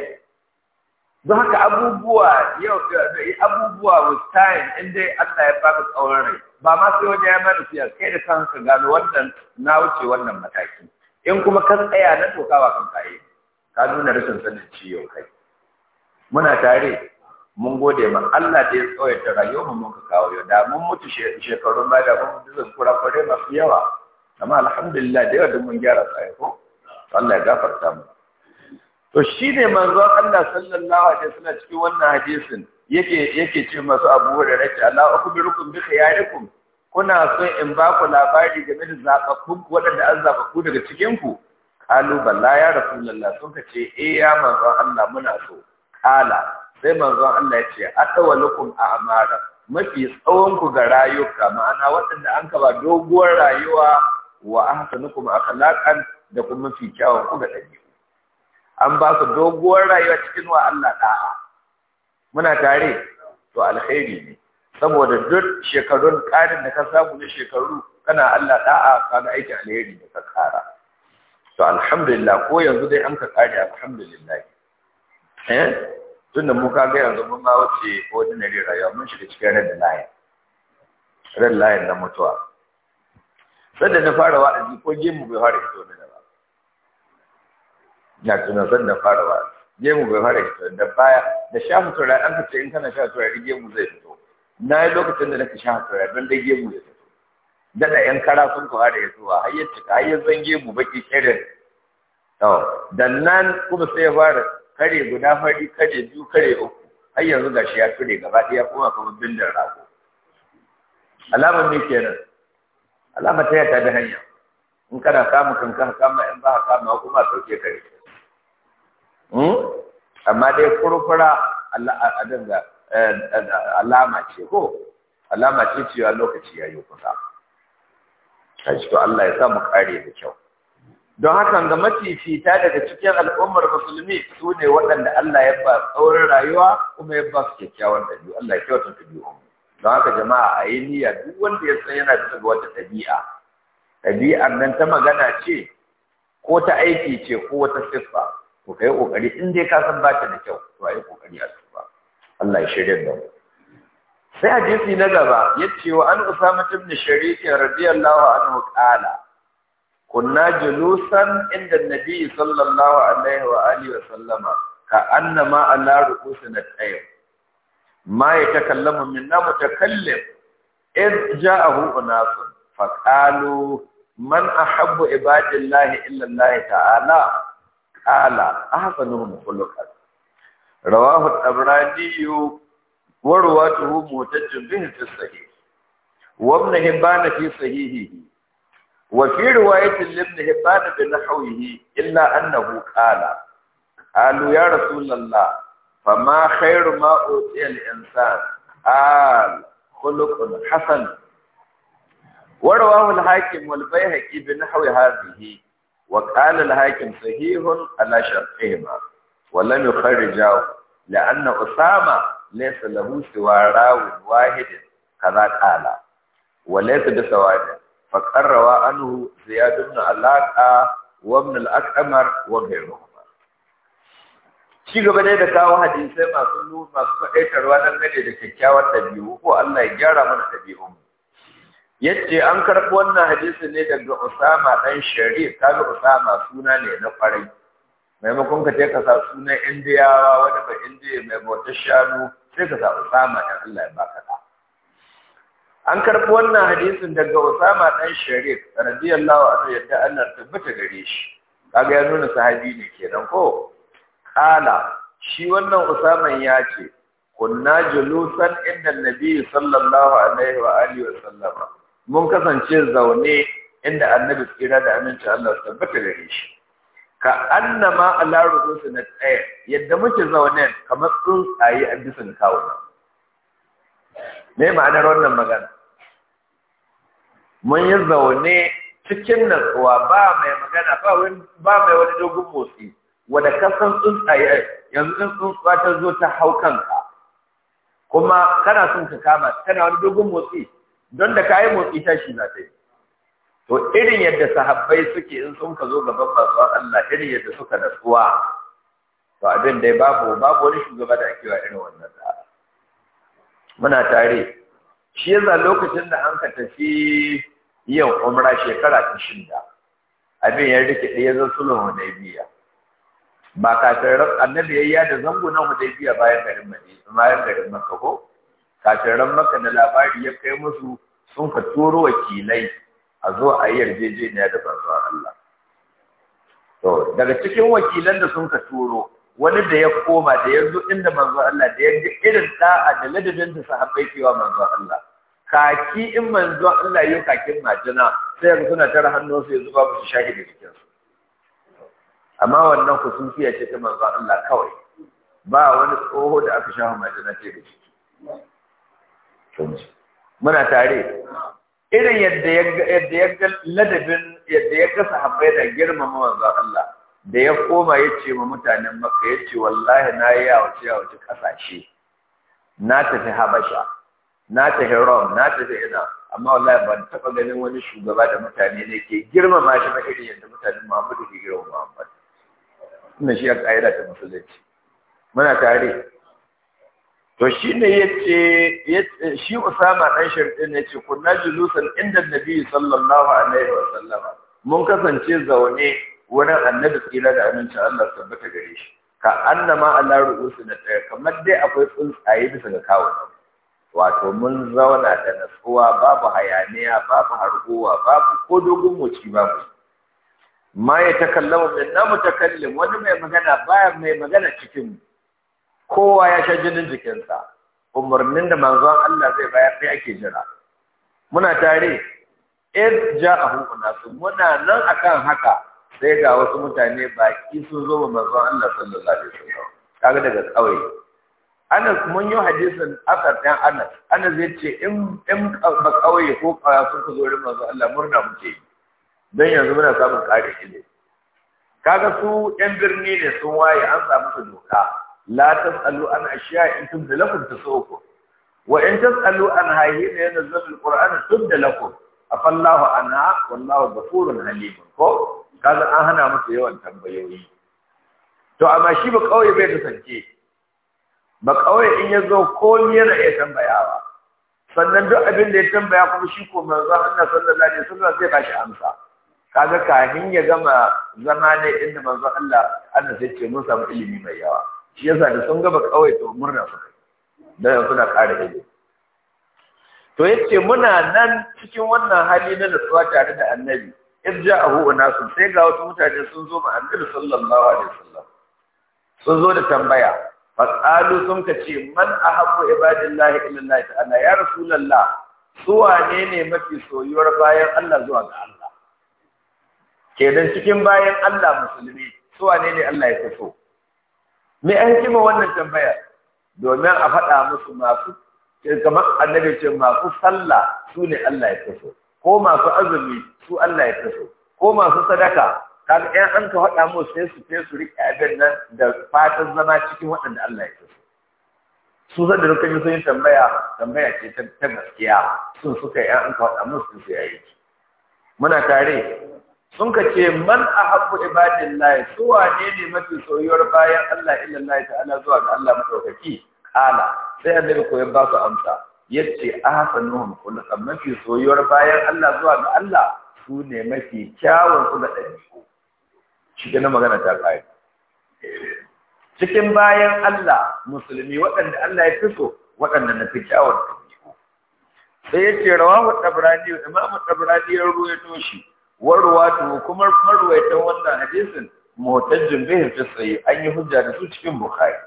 don haka abubuwa yau abubuwa with time in dai Allah ya baka tsauran rai ba ma sai wajen ya mana siyar kai da kan ka gano wannan na wuce wannan mataki in kuma ka tsaya na tokawa kan kaye ka nuna rashin sanin ciwon kai muna tare mun gode ma Allah da ya ta rayuwa mu muka kawo yau da mun mutu shekaru baya da mun kura-kure masu yawa amma alhamdulillah da yawa da mun gyara tsaye ko Allah ya gafarta mu to shine manzon Allah sallallahu alaihi wasallam cikin wannan hadisin yake yake ce masu abubuwa da rake Allah ku bi khiyarikum kuna so in ba ku labari game da zababbun waɗanda an ku daga cikin ku qalu balla ya rasulullah sun ka ce eh ya manzon Allah muna so qala sai manzon Allah ya ce atawalukum a'mara mafi tsawon ku ga rayuka ma'ana waɗanda an ka ba doguwar rayuwa wa ahsanukum akhlaqan da kuma mafi kyawun ku ga dabi'u an ba su doguwar rayuwa cikin wa Allah da'a muna tare to alkhairi ne saboda duk shekarun ƙarin da ka samu na shekaru kana Allah da'a kana aiki alheri da ka kara to alhamdulillah ko yanzu dai an ka kare alhamdulillah eh tunda mu ka ga yanzu mun ma wuce ordinary rayuwa mun shiga cikin red line red line na mutuwa da na fara wa'azi ko gemu bai fara fito ne ba na tunan da fara wa'azi gemu bai fara fito da baya da shafa turare an kace in kana shafa turare gemu zai fito na yi lokacin da nake sha turare don dai gemu ya fito daɗa yan kara sun ku da ya zuwa har ya cika har ya zan gemu baki shirin to da nan kuma sai ya fara kare guda fari kare biyu kare uku har yanzu gashi ya fure gaba ɗaya kuma kuma bindin rago alamar me kenan alamar ta yata da hanya in kana kama kanka kama in ba ka kama kuma sauke kare Hmm? amma dai furfura eh, eh, alama ce ko alama ce cewa lokaci ya yi kusa ta cikin Allah ya sa kare da kyau don hakan ga mafifita daga cikin al'ummar musulmi su ne waɗanda Allah ya ba tsaurin rayuwa kuma ya ba su kyakkyawar ɗabi'u Allah ya ta ɗabi'u don haka jama'a a yi niyya duk wanda ya san yana bisa ga wata ɗabi'a ɗabi'ar nan ta magana ce ko ta aiki ce ko wata siffa to kai kokari in dai ka san bata da kyau to ai kokari a tuba Allah ya shirya da mu sai hadisi na gaba yace wa an usama ibn sharik radiyallahu anhu qala kunna julusan inda nabi sallallahu alaihi wa alihi wa sallama ka annama ala ru'usina tayyib ma yatakallamu minna mutakallim id ja'ahu unasun faqalu man ahabbu ibadillahi illa Allah ta'ala ta'ala ahsanuhum khuluqan rawahu at-tabrani wa ruwatuhu mutajjib bihi fi wa ibn hibban fi sahihihi wa fi riwayat ibn hibban bi nahwihi illa annahu qala qalu ya rasulullah fama khairu ma utiya al-insan al khuluqun hasan wal bayhaqi bi nahwi hadhihi وقال الحاكم صحيح على شرطهما ولم يخرجاه لأن أسامة ليس له سوى راو واحد كذا قال وليس بسواد فقد روى عنه زياد بن علاقة وابن الأكمر وغيرهما ci gaba dai da kawo hadisai masu masu faɗaitarwa dangane da kyakkyawar ɗabi'u ko Allah ya gyara mana ɗabi'unmu yace an karɓi wannan hadisi ne daga Usama dan Sharif kaga Usama suna ne na kwarai maimakon ka ka sa sunan Indiyawa wanda ba Indiya mai bauta shanu sai ka sa Usama dan Allah ya baka da an karɓi wannan hadisin daga Usama dan Sharif radiyallahu anhu yadda Allah tabbata gare shi kaga ya nuna sahabi ne kenan ko kala shi wannan Usama ya ce kunna julusan inda Nabi sallallahu alaihi wa alihi wa sallama mun kasance zaune inda annabi tsira da aminci Allah su tabbata gare shi ka annama ala na tsaye yadda muke zaune kamar tsuntsaye a bisan kawuna me ma'anar wannan magana mun yi zaune cikin natsuwa ba mai magana ba mai wani dogon motsi wadda kasan tsuntsaye yanzu in tsuntsuwa ta zo ta hau kanka kuma kana son ka kama kana wani dogon motsi don da kayi motsi tashi za ta yi to irin yadda sahabbai suke in sun ka zo gaban masu Allah irin yadda suka natsuwa to abin dai babu babu wani shugaba da ake wa irin wannan da muna tare shi yasa lokacin da an ka tafi yin umra shekara ta shida abin ya rike ɗaya zan sulhun hudaybiya ba kafin annabi ya yi da zango na hudaybiya bayan garin madina bayan garin makka ko kafiran maka na labari ya kai musu sun ka turo wakilai a zo a yi yarjejeniya da banzuwar Allah to daga cikin wakilan da sun ka turo wani da ya koma da ya zo inda manzo Allah da ya ji irin da'a da ladabin da sahabbai kewa manzo Allah kaki in manzo Allah yau kakin majina sai ga suna tara hannun su ya zuba musu shahidi cikin su amma wannan ku kusufiya ce ta manzo Allah kawai ba wani tsoho da aka shafa majina ce da ciki tunji muna tare irin yadda ya ga ladabin yadda ya ga sahabbai da girmama manzon Allah da ya koma ya ce ma mutanen Makka ya ce wallahi na yi yawace yawace kasashe na tafi Habasha na tafi Rom na tafi ina amma wallahi ban taba ganin wani shugaba da mutane ne ke girmama shi ba irin yadda mutanen Muhammadu ke girmama Muhammad Ina shi ya kaida ta musulunci muna tare to shi ne ya ce shi usama ɗan shirɗin ya ce kunna julusan inda nabi sallallahu alaihi wa sallama mun kasance zaune wurin annabi tsira da amincin Allah tabbata gare shi ka annama ala ru'usu na tsaya kamar dai akwai tsuntsaye bisa ga kawo wato mun zauna da natsuwa babu hayaniya babu harguwa babu ko dogon muci babu ma ya takallamu min na kallon wani mai magana bayan mai magana cikin mu kowa ya sha jinin jikinsa umarnin da manzon Allah zai bayar sai ake jira muna tare in hukuna su. muna nan akan haka sai ga wasu mutane baki sun zo ma manzon Allah sallallahu alaihi wasallam kaga daga ƙauye. Anas mun yi hadisin asar dan Anas Anas ya ce in in ba ko kawai sun zo wurin manzon Allah murna muke dan yanzu muna samun ƙarin ne kaga su yan birni ne sun waye an samu su doka la تسألوا عن أشياء إن تبدأ لكم tasuku wa تسألوا عن هايين ينزل yanzal alquran tubda lakum afallahu anha wallahu ghafurun halim ko kaza an hana musu yawan tambayoyi to amma shi ba kauye bai kasance ba kauye in sannan duk abin da ya tambaya kuma shi ko manzo Allah sallallahu alaihi wasallam zai bashi amsa kaga kahin ya gama zama ne inda manzo Allah Allah sai ce mun samu ilimi mai yawa shi yasa da sun gaba kawai to murna suka da yanzu na ƙara ido. to yace muna nan cikin wannan hali na tsawa tare da annabi irja'ahu sun, sai ga wasu mutane sun zo ma annabi sallallahu alaihi wasallam sun zo da tambaya fasalu sun ka ce man ahabbu ibadillahi illa Allah ta'ala ya rasulullah su wane ne mafi soyuwar bayan Allah zuwa ga Allah kenan cikin bayan Allah musulmi su wane ne Allah ya so me an kima wannan tambaya domin a faɗa musu masu eh, kamar annabi ce masu sallah su ne Allah ya kaso ko masu azumi su Allah ya kaso ko masu sadaka kaga ɗan an ka faɗa musu sai su sai su riƙe abin nan da fatan zama cikin waɗanda Allah ya kaso su zan da rukun sun yi tambaya tambaya ce ta gaskiya sun suka yi an ka faɗa musu su aiki. muna tare sun ka ce man a haɓu ibadin layi su ne ne mafi soyuwar bayan Allah illa layi ana zuwa ga Allah maɗaukaki ƙala sai zai koyon ba su amsa Yadda a hasanuhum kullum mafi soyuwar bayan Allah zuwa ga Allah su ne mafi kyawun su da ɗabi'u shi na magana ta ƙari cikin bayan Allah musulmi waɗanda Allah ya fi so waɗanda na fi kyawun ɗabi'u sai yace rawahu tabrani imamu tabrani ya ruwaito warwatu kuma marwaitan wannan hadisin muhtajjun bihi fi sai an yi hujja da su cikin bukhari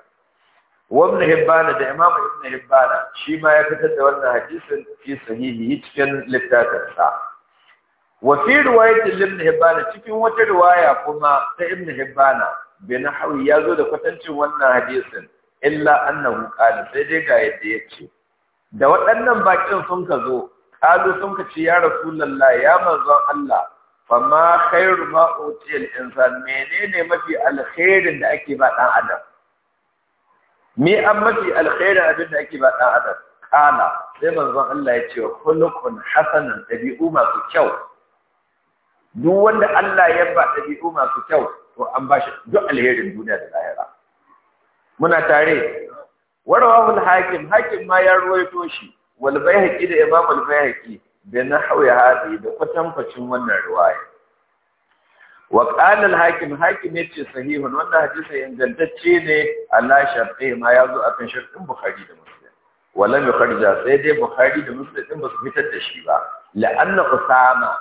wannan hibbana da imamu ibn hibbana shi ma ya fitar da wannan hadisin fi sahihi cikin littafin sa wa fi riwayatin ibn hibbana cikin wata riwaya kuma ta ibn hibban bin hawi ya zo da kwatancin wannan hadisin illa annahu qala sai dai ga yadda yace da waɗannan bakin sun ka zo kalu sun ka ce ya rasulullahi ya manzon Allah Amma kairu ma utiyal insan menene mafi alkhairin da ake ba ɗan adam me an mafi alkhairin abin da ake ba ɗan adam kana sai manzon Allah ya ce khuluqun hasanan dabi'u masu kyau duk wanda Allah ya ba ɗabi'u masu kyau to an ba shi duk alherin duniya da lahira muna tare Warwa hakim hakim ma ya ruwaito shi wal bayhaqi da imamul al bayhaqi da nahwi hadi da kwatankwacin wannan riwaya wa qala al-hakim hakim yace sahihun wannan hadisi ingantacce ne Allah sharhi ma yazo akan sharhin bukhari da muslim wala mai kharja sai dai bukhari da muslim din basu fitar da shi ba la'anna usama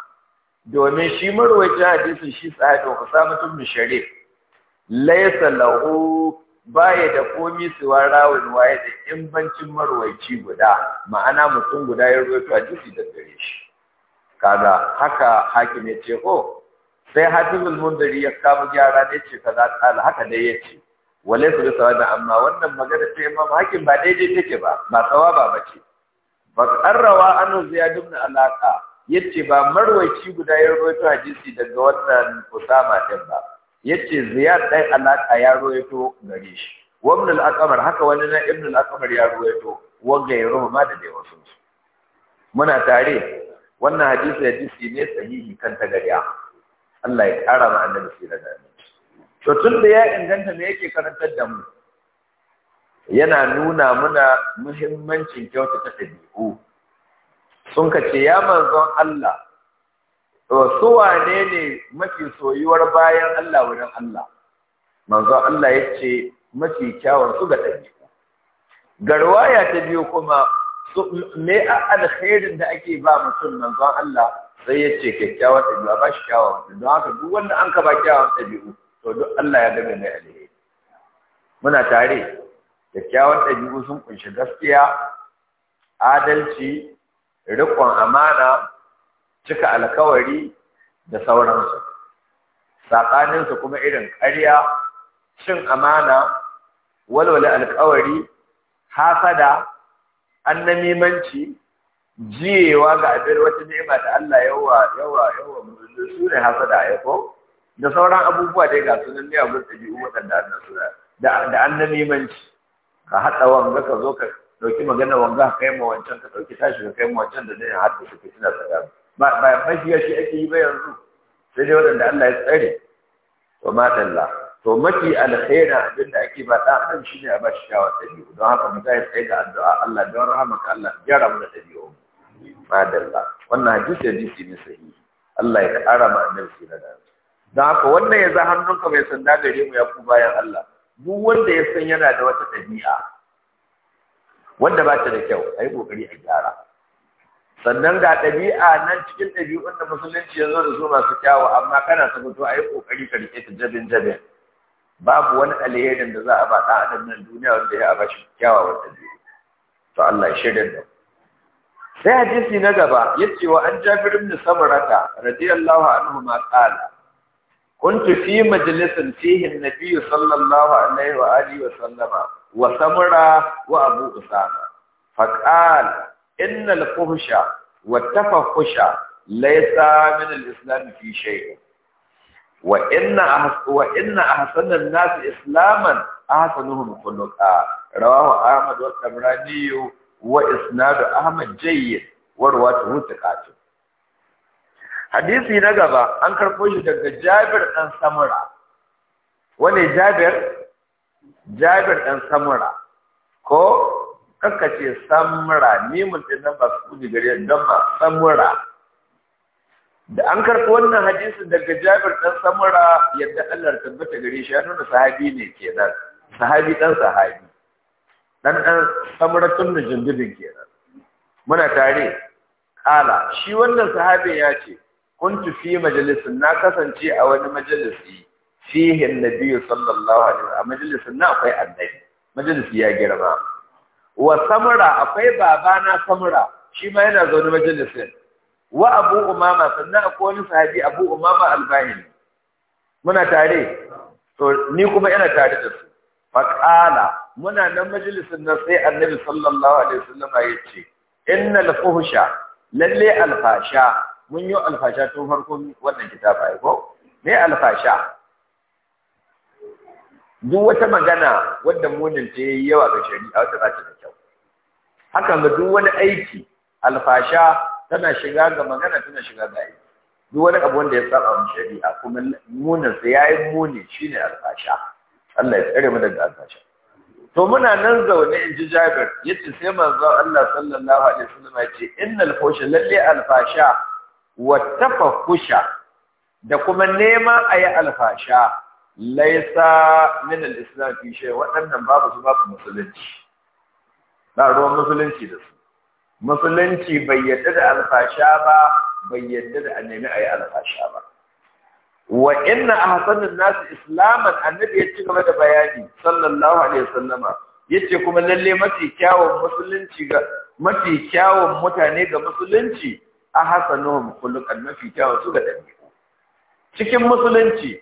domin shi marwayi hadisin shi sahabi usama ibn sharif laysa lahu baya da komi suwar rawun waye da in bancin marwaici guda ma'ana mutum guda ya rubuta hadisi da gare shi kaga haka hakim ya ce ko oh, sai hafizul mundari ya kama gyara ne ce kaza kala haka dai ya ce wale su da sawada amma wannan magana ta imam hakim ba daidai take ba ba tsawaba ba ce ba karrawa anu ziyad ibn alaka yace ba marwaici guda ya rubuta hadisi daga wannan usama din ba yace ziyar dai alaka ya ruwaito gare shi wa ibn haka wani na ibn al yaro ya ruwaito wa gairuhu ma da dai wasu muna tare wannan hadisi hadisi ne sahihi kan ta gariya Allah ya kara ma annabi sai da to tun da ya inganta me yake karantar da mu yana nuna muna muhimmancin kyautata dabi'u sun kace ya manzon Allah su wane ne mafi soyuwar bayan Allah wurin Allah manzo Allah ya ce mafi kyawun su ga ɗabi'u garwaya ta biyu kuma me a alkhairin da ake ba mutum manzo Allah sai ya ce kyakkyawan ɗabi'u ba shi kyawun don haka duk wanda an ka ba kyawun ɗabi'u to duk Allah ya gaba mai alheri muna tare kyakkyawan ɗabi'u sun kunshi gaskiya adalci riƙon amana cika alkawari da sauransu tsakaninsu kuma irin ƙarya cin amana walwala alkawari hasada annamimanci jiyewa ga abin wata ni'ima da Allah yawa yawa yawa su ne hasada ya ko da sauran abubuwa dai ga sunan ne abin ɗabi'u da Allah suna da annamimanci ka haɗa wanga ka zo ka ɗauki magana wanga kai ma wancan ka ɗauki tashi ka kai ma wancan da zai haɗa suke suna tsakanin ba mafiya shi ake yi ba yanzu sai dai waɗanda Allah ya tsare wa matalla to mafi alkhaira abinda ake ba ɗan shi ne a ba shi shawar ɗabi'u don haka mu zai tsaye da addu'a Allah don rahamaka Allah gyara mu da ɗabi'u madalla wannan hadisi hadisi ne sahihi Allah ya ƙara ma annabi sai da don haka wannan ya za hannunka mai sanda gare mu ya ku bayan Allah duk wanda ya san yana da wata ɗabi'a wanda ba ta da kyau a yi ƙoƙari a gyara sannan ga ɗabi'a nan cikin ɗabi'un da musulunci ya zo da su masu kyawu amma kana ta fito a yi ƙoƙari ka riƙe ta jabin jabin babu wani alherin da za a ba ɗan adam nan duniya wanda ya ba shi kyawawan ɗabi'u to Allah ya shirya da sai hadisi na gaba ya ce wa an jabir ibn samarata radiyallahu anhu ma qala kuntu fi majlisin fihi na biyu, sallallahu alaihi wa alihi wa sallama wa samura wa abu usama faqala al fuhsha wa tafahusha laysa min al-islam fi shay wa inna wa inna ahsana an-nas islaman ahsanuhum khuluqa rawahu ahmad wa tabrani wa isnad ahmad jayyid wa rawatuhu thiqatun hadisi na gaba an karɓo shi daga Jabir Dan Samura wane Jabir Jabir ɗan Samura ko kanka ce samura ni mutum nan ba su kuni gare don ba samura da an karɓi wannan hadisin daga jabir ɗan samura yadda Allah tabbata gare shi ya nuna sahabi ne ke nan. sahabi ɗan sahabi ɗan ɗan tun da jindibin nan. muna tare ƙala shi wannan sahabi ya ce Kun tufi majalisin na kasance a wani majalisi fihin nabiyu sallallahu alaihi wa A majalisin na akwai annabi majalisi ya girma wa samura akwai babana samura shi ma yana zaune majalisin wa abu umama sannan akwai wani sahabi abu umama albahili muna tare to ni kuma ina tare da su faqala muna nan majalisin nan sai annabi sallallahu alaihi wasallam ya ce innal fuhsha lalle alfasha mun yi alfasha tun farko wannan kitaba ai ko me alfasha duk wata magana wadda munin ta yi yawa ga shari'a wata za ta da kyau haka ga duk wani aiki alfasha tana shiga ga magana tana shiga ga aiki duk wani abu wanda ya saba mu shari'a kuma munin sa yayi muni shine alfasha Allah ya tsare mu daga alfasha to muna nan zaune in ji Jabir yace sai manzo Allah sallallahu alaihi wasallam ya ce innal fusha lalle alfasha wa tafakkusha da kuma nema ayi alfasha laisa min al-islam fi shay waɗannan babu su babu musulunci ba ruwan musulunci da su musulunci bai yadda da alfasha ba bai yadda da annabi ayi alfasha ba wa inna ahsanun nasu islaman annabi ya ci gaba da bayani sallallahu alaihi wasallama yace kuma lalle mafi kyawun musulunci ga mafi kyawun mutane ga musulunci ahsanuhum khuluqan mafi kyawun su ga dabi'u cikin musulunci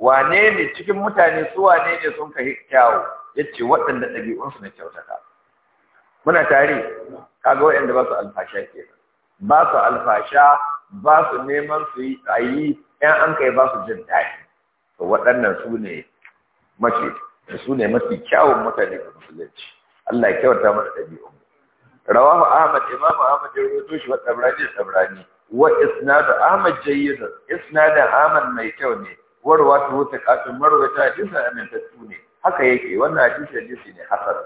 wane ne cikin mutane su wane ne sun kai kyawu yace waɗanda ɗabi'unsu na kyautata muna tare kaga waɗanda ba su alfasha ke ba su alfasha ba su neman su yi tsayi ɗan an kai ba su jin daɗi to waɗannan su ne mafi su ne mafi kyawun mutane ga musulunci Allah ya kyauta mana ɗabi'un rawahu ahmad imam ahmad ya rubuto shi wa tabrani tabrani wa isnadu ahmad jayyid isnadin ahmad mai kyau ne warwa ta wuce kafin Marwa ta hadisi amintattu ne haka yake wannan hadisi hadisi ne hasan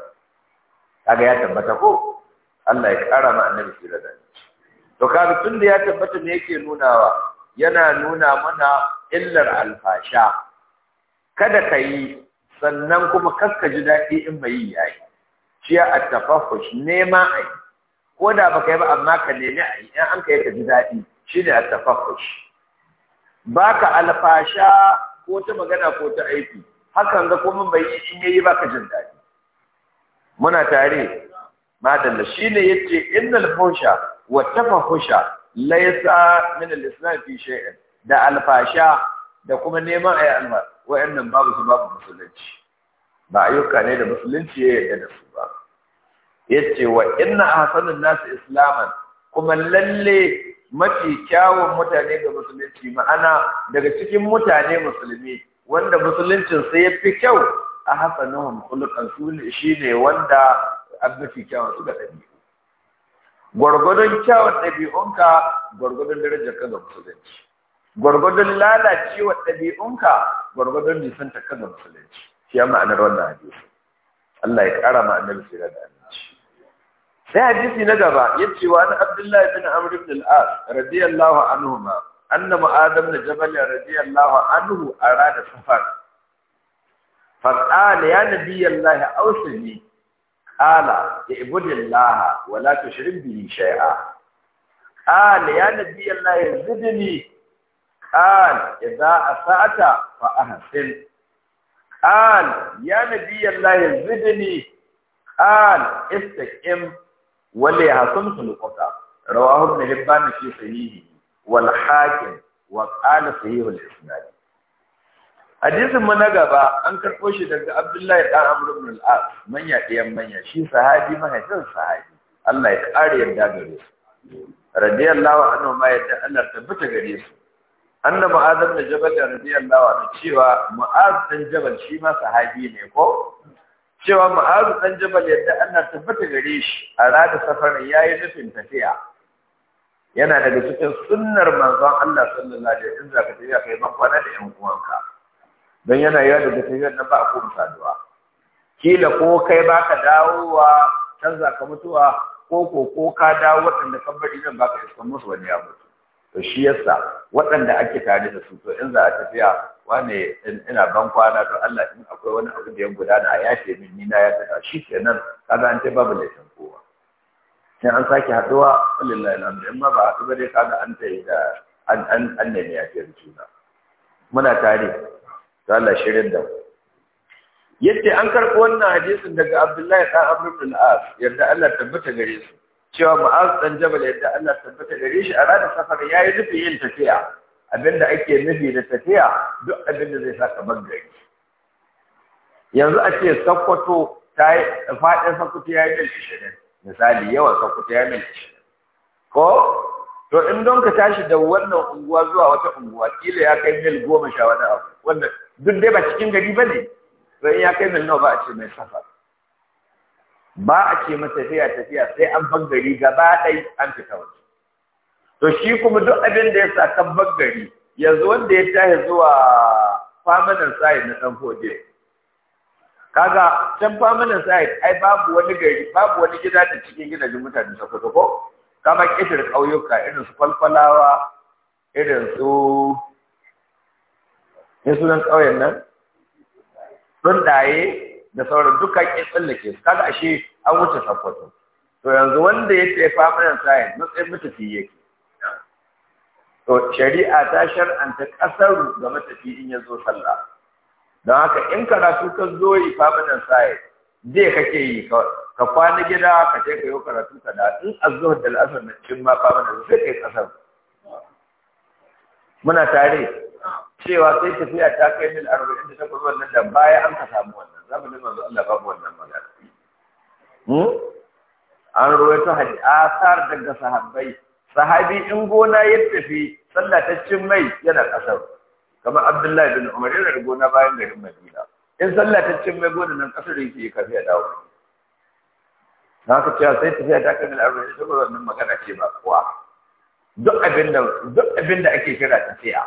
kaga ya tabbata ko Allah ya kara ma annabi shi da to kaga tun da ya tabbata me yake nunawa yana nuna mana illar alfasha kada ka sannan kuma kaska ji daɗi in bai yi yayi shi ya attafahush nema ai ko da baka yi ba amma ka nemi ai in an kai ka ji daɗi shine attafahush baka alfasha ko ta magana ko ta aiki hakan ga kuma bai yi in yayi baka jin daɗi muna tare madalla shine yace innal fusha wa tafahusha laysa min al-islam fi shay'in da alfasha da kuma neman ayi alma wayannan babu su babu musulunci ba ayyuka ne da musulunci ya yarda da su ba yace wa inna ahsanun nas islaman kuma lalle mafi kyawun mutane ga musulunci ma'ana daga cikin mutane musulmi wanda musuluncin sai ya fi kyau a hasanuhum khuluqan shi ne wanda an mafi kyawun su ga ɗabi'u gwargwadon kyawun ɗabi'unka gwargwadon darajar ka ga musulunci gwargwadon lalacewar ɗabi'unka gwargwadon nisanta ka ga musulunci shi ya ma'anar wannan hadisi Allah ya ƙara ma'anar annabi da aminci sai hadisi na gaba ya ce wa an abdullahi bin amr ibn al-as radiyallahu anhuma anna mu'adh ibn jabal radiyallahu anhu arada safar fa qala ya nabiyallahi awsini qala ibudillah wa la tushrik bihi shay'a qala ya nabiyallahi zidni qala idza asata fa ahsin قال يا نبي الله زدني قال استقم wanda ya hasan sulqata rawahu ibn hibban fi sahihi wal hakim wa qala sahih al isnad hadisin mu na gaba an karbo shi daga abdullahi dan amr ibn al as manya ɗayan manya shi sahabi mahaifin sahabi Allah ya kare yarda gare su radiyallahu anhu ma yadda Allah tabbata gare su anna mu'adh na jabal radiyallahu anhu cewa mu'adh dan jabal shi ma sahabi ne ko cewa ma'azu ɗan jabal yadda ana tabbata gare shi a rada safarin ya yi nufin tafiya yana daga cikin sunnar manzon Allah sallallahu alaihi wasallam in ya tafiya kai ban kwana da 'yan uwanka don yana yawa daga tafiyar nan ba a kuma saduwa kila ko kai baka dawowa canza ka mutuwa ko ko ka dawo waɗanda kan bari nan baka iska musu wani ya mutu to shi yasa waɗanda ake tare da su to in za a tafiya wane ina ban kwana to Allah in akwai wani abu da ya gudana a yashe min ni na ya tafi shi kenan kaga an ce babu laifin kowa sai an sake haɗuwa wallahi alhamdu in ma ba haɗu ba dai kaga an tayi da an an an nemi yafiyar juna muna tare to Allah shirin da yadda an karɓi wannan hadisin daga Abdullahi ɗan Abdul bin al-As yadda Allah tabbata gare su cewa ma'az dan Jabal yadda Allah tabbata gare shi a ranar safar yayi nufi yin tafiya abinda ake nufi da tafiya duk abinda zai saka bangare yanzu a ce sakkwato ta yi faɗin sakkwato ya yi mil ishirin misali yawa sakkwato ya yi mil ishirin ko to in don ka tashi da wannan unguwa zuwa wata unguwa kila ya kai mil goma sha wani abu wanda duk dai ba cikin gari ba ne to in ya kai mil nawa ba a ce mai safar ba a ce mata tafiya tafiya sai an bangari gaba ɗai an fita waje to shi kuma duk abin da ya sa kan bangari yanzu wanda ya tashi zuwa famanan sayi na ɗan fode kaga can famanan sayi ai babu wani gari babu wani gida da cikin gidajen mutane kuka ko kama ƙetar ƙauyuka irin su falfalawa irin su ya sunan ƙauyen nan ɗaye? da sauran duka ya tsallake su kaga ashe an wuce sakwato to yanzu wanda ya ce permanent na matsayin matafi yake to shari'a ta shar'anta kasar ga matafi in ya zo sallah don haka in karatu ka zo yi permanent science zai kake yi ka kwana gida ka je ka yi karatu ka da in azzuhur da al'asar na cikin ma permanent sai kai kasar muna tare cewa sai tafiya ta kai mil arba'in da takwas wannan da baya an ka samu wannan zamanin manzo Allah babu wannan magana hmm? an ruwaito asar daga sahabbai sahabi in gona ya tafi sallah ta cin mai yana kasar kamar Abdullahi bin Umar yana da gona bayan garin Madina in sallah ta cin mai gona nan kasar yake kafi ya dawo na ka cewa sai tafiya ta kan al'arwai ta ba wannan magana ce ba kuwa duk abin da duk abin da ake kira tafiya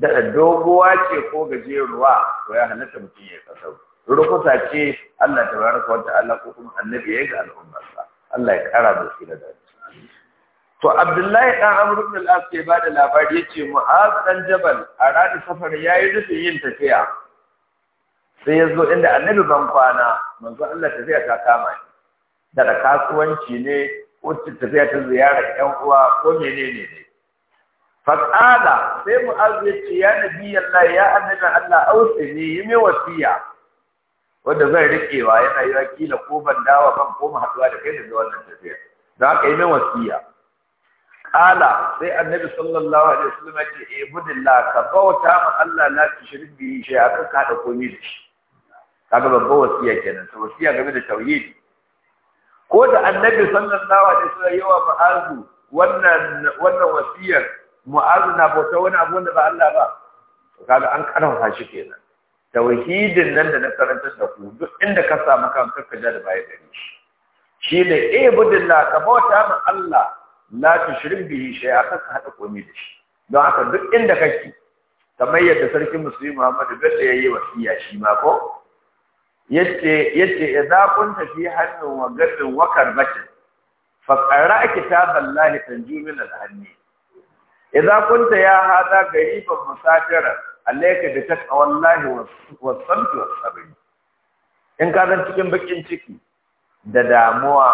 da doguwa ce ko gajeruwa to ya halatta mutum ya kasar. rukuta ce Allah ta baraka wata Allah ko kuma annabi ya ga al'ummarsa Allah ya kara da shi da dace to Abdullahi dan amru bin al-As ke bada labari yace Mu'az dan Jabal a radi safar yayi da yin tafiya sai yazo inda annabi ban kwana manzo Allah tafiya ta kama shi. daga kasuwanci ne ko tafiya ta ziyara ƴan uwa ko menene ne fas'ala sai Mu'az ya ya nabi Allah ya annabi Allah ausini yi mai wasiya wanda zai riƙewa yana yi kila ko ban dawa ban koma haɗuwa da kai da wannan tafiya da haka yi min wasiya kala sai annabi sallallahu alaihi wasallam ce eh budillah ka bauta ma Allah la tushrik bihi shay'a ka kada komai da shi kaga babban wasiya kenan to wasiya game da tauhidi ko da annabi sallallahu alaihi wasallam wa ma'azu wannan wannan wasiyar mu'azu na bauta wani abu da ba Allah ba kaga an karanta shi kenan wakilin nan da na karanta da ku duk inda ka samu kan karka da baya gari shi ne ibudillah eh, ka bauta ma Allah la tushrik bihi shay'a ka hada komai da shi don haka duk inda kake kamar yadda sarkin musulmi Muhammadu Bello yayi wasiya shi ma ko yace yace idza kunta fi hannu wa gadin wa karbatin fa qara kitaballahi tanju min al-hanni idza kunta ya hada gariban musafira da bi wallahi wa sabt wa sabin in ka zan cikin bakin ciki da damuwa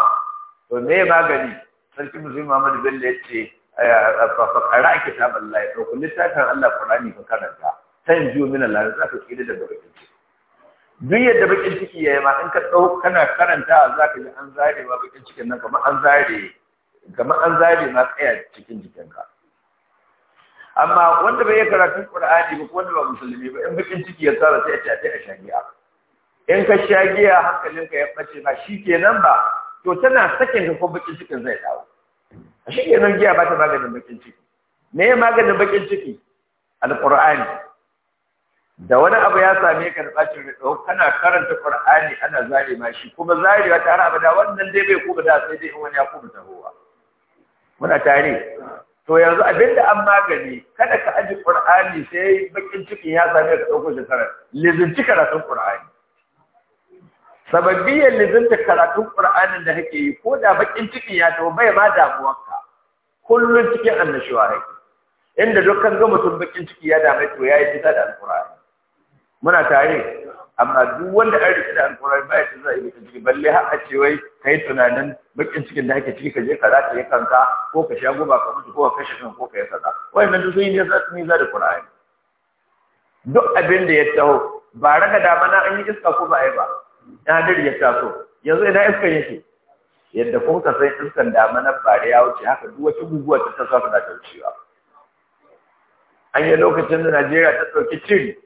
to me magani sarki muslim Muhammad Bello yace fa kitab allah to kullu littafin Allah Qur'ani ka karanta sai in jiyo min Allah za ka kida da bakin ciki duk yadda bakin ciki yayi ma in ka dau kana karanta za ka ji an zare ma bakin cikin nan kamar an zare kamar an zare ma tsaya cikin jikinka amma wanda bai karatu Qur'ani ba wanda ba musulmi ba in bakin ciki ya tsara sai ya tafi a shagiya in ka shagiya hankalinka ya bace ba shikenan ba to tana sakin ka ko bakin cikin zai dawo A shikenan giya ba ta maganin bakin ciki me ya maganin bakin ciki alqur'ani da wani abu ya same ka da bacin rido kana karanta qur'ani ana zare ma shi kuma zarewa ta har abada wannan dai bai kuma da sai dai in wani ya kuma tahowa muna tare to yanzu abinda an magani kada ka aji qur'ani sai bakin cikin ya same ka dauko shi lizinci karatun qur'ani sababiyyar lizinta karatun ƙur'ani da kake yi ko da bakin cikin ya tawo bai ma damuwarka Kullum cikin annashuwa yake inda dukkan ga mutum bakin ciki ya dame to yayi fita da alqur'ani muna tare amma duk wanda an riƙe da alƙurari ba ya ce za a ciki balle har a ce wai ka yi tunanin bakin cikin da ake ciki ka je ka za ka yi kanka ko ka sha goma ka mutu ko ka kashe kan ko ka yi kaza nan duk sai yi nisa sun yi za da ƙur'ani duk abin da ya taho ba raga mana an yi iska ko ba a yi ba na hadari ya taso yanzu idan iskan yake yadda kun ka san iskan mana ba da ya wuce haka duk wata guguwa ta taso ta wucewa. an yi lokacin da najeriya ta ɗauki ciri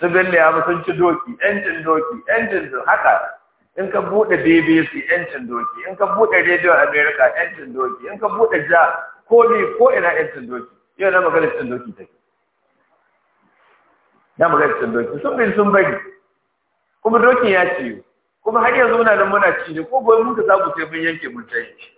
su bello ya sun ci doki yancin doki yancin doki haka in ka buɗe bbc yancin doki in ka buɗe radio america yancin doki in ka buɗe ja ko ne ko ina yancin doki yau na magana cin doki ke. na magana cin doki sun bin sun bari kuma dokin ya ciyo kuma har yanzu muna nan muna ci ne ko gobe muka samu sai mun yanke mun ta tayi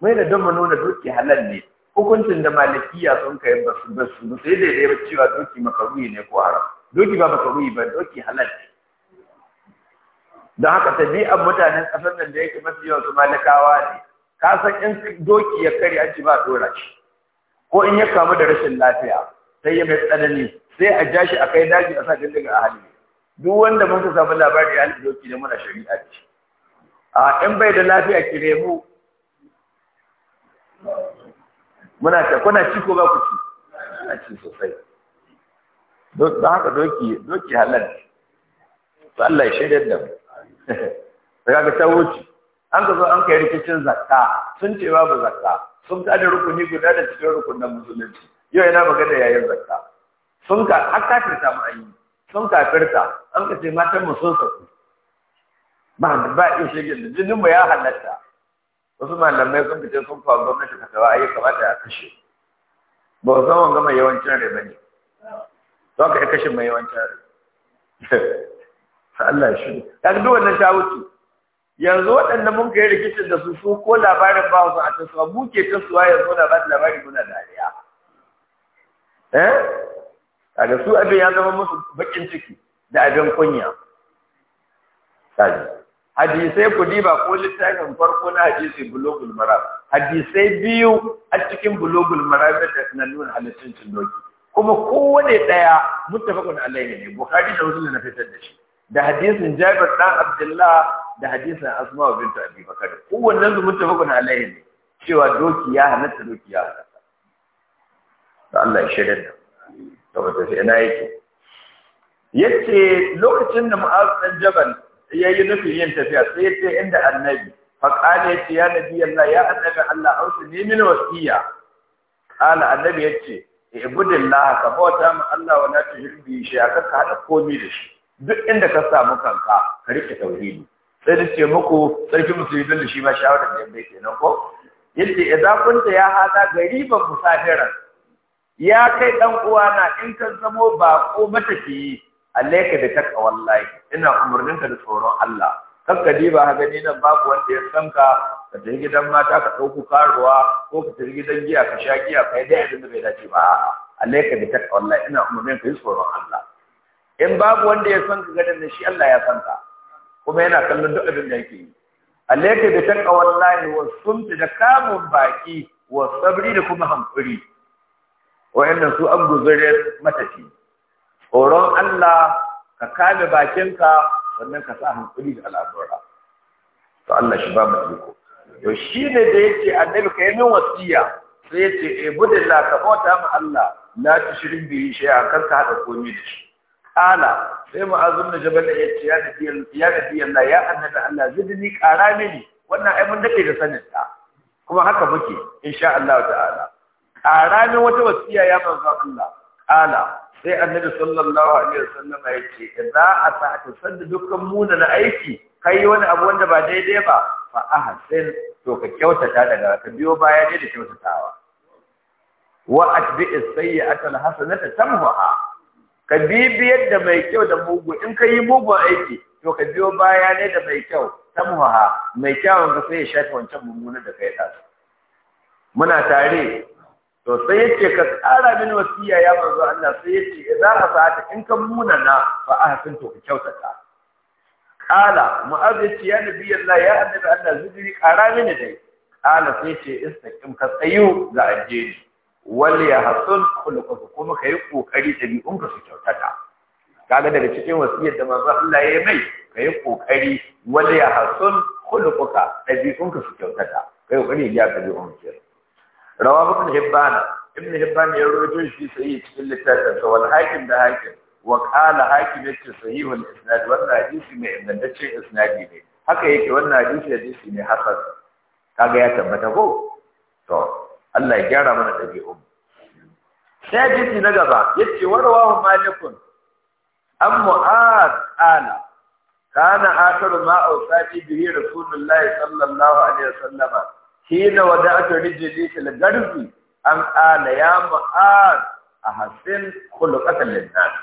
mai da don mu nuna doki halal ne hukuncin da malakiya sun kai ba su ba su sai daidai cewa doki makaruhi ne ko haram doki ba makaruhi ba doki halal ne don haka tabi'an mutanen ƙasar nan da yake masu yawan su malakawa ne ka san in doki ya kare an ci ba dora shi ko in ya kamu da rashin lafiya sai ya mai tsanani sai a ja shi a kai daji a sa dindiga a hali duk wanda mun samu labari ya doki da muna shari'a ce a in bai da lafiya kire mu muna ta kuna ci ko ba ku ci ana ci sosai don haka doki doki halal to Allah ya shaidar da mu daga ga ta wuce an ka zo an kai rikicin zakka sun ce babu zakka sun ka da rukuni guda da cikin rukunin musulunci yau yana magana yayin zakka sun ka har kafirta mu ayi sun firta an ka ce matan mu sun saku ba ba in shige da jinin mu ya halatta wasu malamai sun fice sun kawo gwamnati ta kawo ayyuka kamata a kashe ba san wanga mai yawancin rai bane to ka kashe mai yawancin rai sa Allah shi kaga duk wannan ta wuce yanzu waɗanda mun kai rikicin da su su ko labarin ba su a tasuwa mu ke tasuwa yanzu na ba labari muna dariya eh kaga su abin ya zama musu bakin ciki da abin kunya hadisai ku diba ko littafin farko na hadisi bulogul mara. hadisai biyu a cikin bulogul mara da na nuna halittun doki kuma kowane ɗaya muttafaqun alaihi ne bukhari da muslim na fitar da shi da hadisin jabir dan abdullah da hadisin asma bint abi bakar kowanne su muttafaqun alaihi ne cewa doki ya halatta doki ya halatta da Allah ya shirya da to sai na yake yace lokacin da mu'az dan jabal ya yi nufin yin tafiya sai ya ce inda annabi faƙala ya ce ya nabi Allah ya annabi Allah Hausa ne mini wasiya ƙala annabi ya ce ibudillah ka bauta mu Allah wa ta tushrik shi a kanka haɗa komai da shi duk inda ka samu kanka ka rike tauhidi sai da ce muku sarki musulmi da shi ma shawara da ke kenan ko yace idza kunta ya hada gariban musafiran ya kai ɗan uwana in ka zamo baƙo matafiyi alaika da taka wallahi ina ka da tsoron Allah kakka diba ha gani nan babu wanda ya san ka ka tafi gidan mata ka ɗauko karuwa ko ka tafi gidan giya ka sha giya ka yi dai abin da bai dace ba alaika da taka wallahi ina ka da tsoron Allah in babu wanda ya san ka gadan da shi Allah ya san ka kuma yana kallon duk abin da yake yi alaika da taka wallahi wa sunta da kamun baki wa sabri da kuma hankuri wa'annan su an guzure matafi tsoron Allah ka kame bakinka sannan ka sa hankali da al'adura to Allah shi ba mu iko to shi ne da yake annabi ka yi min wasiya sai yace ibudillah eh, ka bauta ma Allah la tushrik bihi shay'a kar ka haɗa komai da shi Ƙala, sai mu da jabal ya ce ya nabi ya nabi Allah ya annabi Allah zidni ƙara mini wannan ai mun dake da sanin ta kuma haka muke insha Allah ta'ala ƙara min wata wasiya ya manzo Allah Ƙala, sai annabi sallallahu alaihi wasallam ya ce idza asata sanda dukkan na aiki kai wani abu wanda ba daidai ba fa ahsin to ka kyautata daga ka biyo baya dai da kyautatawa wa atbi as-sayyi'ata al-hasanata tamhuha ka bibiyar da mai kyau da mugu in kai mugun aiki to ka biyo baya ne da mai kyau tamhuha mai kyawun ka sai ya shafe wancan mummuna da kai da muna tare to sai yace ka tsara mini wasiya ya manzo Allah sai yace idza fasata in ka munana fa ahsin to ka kyautata qala mu'az ya nabi Allah ya annabi Allah zikri qara mini dai qala sai yace istaqim ka tsayu ga addini wal yahsun khuluquka kuma kai kokari da bi'un ka su kyautata kaga daga cikin wasiyar da manzo Allah ya mai kai kokari wal yahsun khuluquka da bi'un ka su kyautata kai kokari ya ka bi'un ka rawa ibn hibban ibn hibban ya rawaito shi sahih cikin littafin sa wal hakim da hakim wa qala hakim yace sahihul isnad wannan hadisi mai ingantaccen isnadi ne haka yake wannan hadisi hadisi ne hasan kaga ya tabbata ko to Allah ya gyara mana dabi'un sai hadisi na gaba yace warawahu malikun an mu'az qala kana akhiru ma awsati bihi rasulullahi sallallahu alaihi wasallama hina wada'atu rijli fil garzi an qala ya mu'ad ahsin khuluqatan lin-nas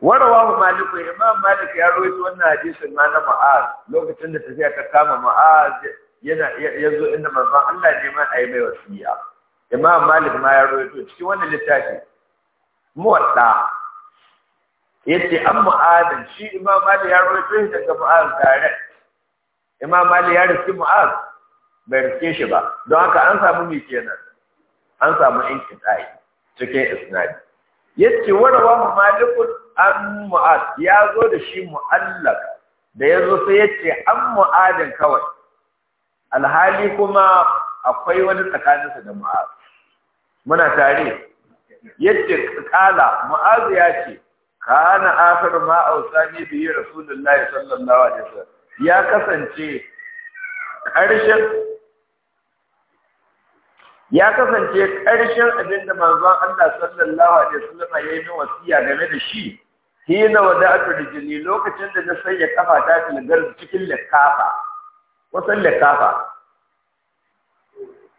warawahu malik imam malik ya rawaito wannan hadisin ma na mu'az lokacin da tafiya ta kama mu'az yana yazo inda manzon Allah ne ma ayi mai wasiya imam malik ma ya rawaito cikin wannan littafi mu muwadda yace an mu'az shi imam malik ya rawaito daga mu'az direct imam malik ya rawaito mu'az bai riske shi ba don haka an samu mai kenan an samu in kitai cikin isnadi yace warawa malikun an mu'ad ya zo da shi mu'allaq da yazo sai yace an mu'adin kawai alhali kuma akwai wani tsakaninsa da mu'ad muna tare yace kala mu'ad ya ce kana akhir ma ausani bi rasulullahi sallallahu alaihi wasallam ya kasance ƙarshen ya kasance ƙarshen abin da manzon Allah sallallahu alaihi wasallam ya yi wasiya game da shi hina aka rijini lokacin da na sanya kafa ta tilgar cikin lakafa wasan lakafa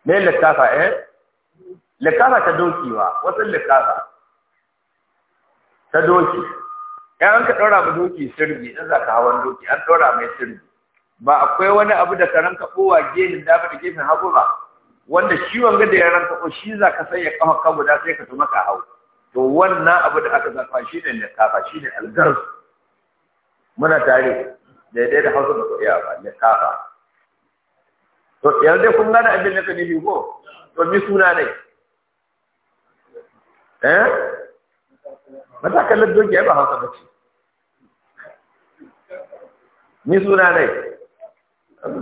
me lakafa eh lakafa ta dokiwa, wasan lakafa ta doki ya an ka ɗora mu doki sirri in za ka hawan doki an ɗora mai sirri ba akwai wani abu da karanka kowa da ba da gefen hagu ba wanda shi wanga da ya ranka shi za ka sanya kafa ka guda sai ka tuma ka hau to wannan abu da aka zafa shi ne ka kafa shi ne algar muna tare daidai da hausa da ku iya ba ka kafa to yau dai kun gane abin da ka yi ko to mi suna ne eh kallon doki ba hausa ba ce mi suna ne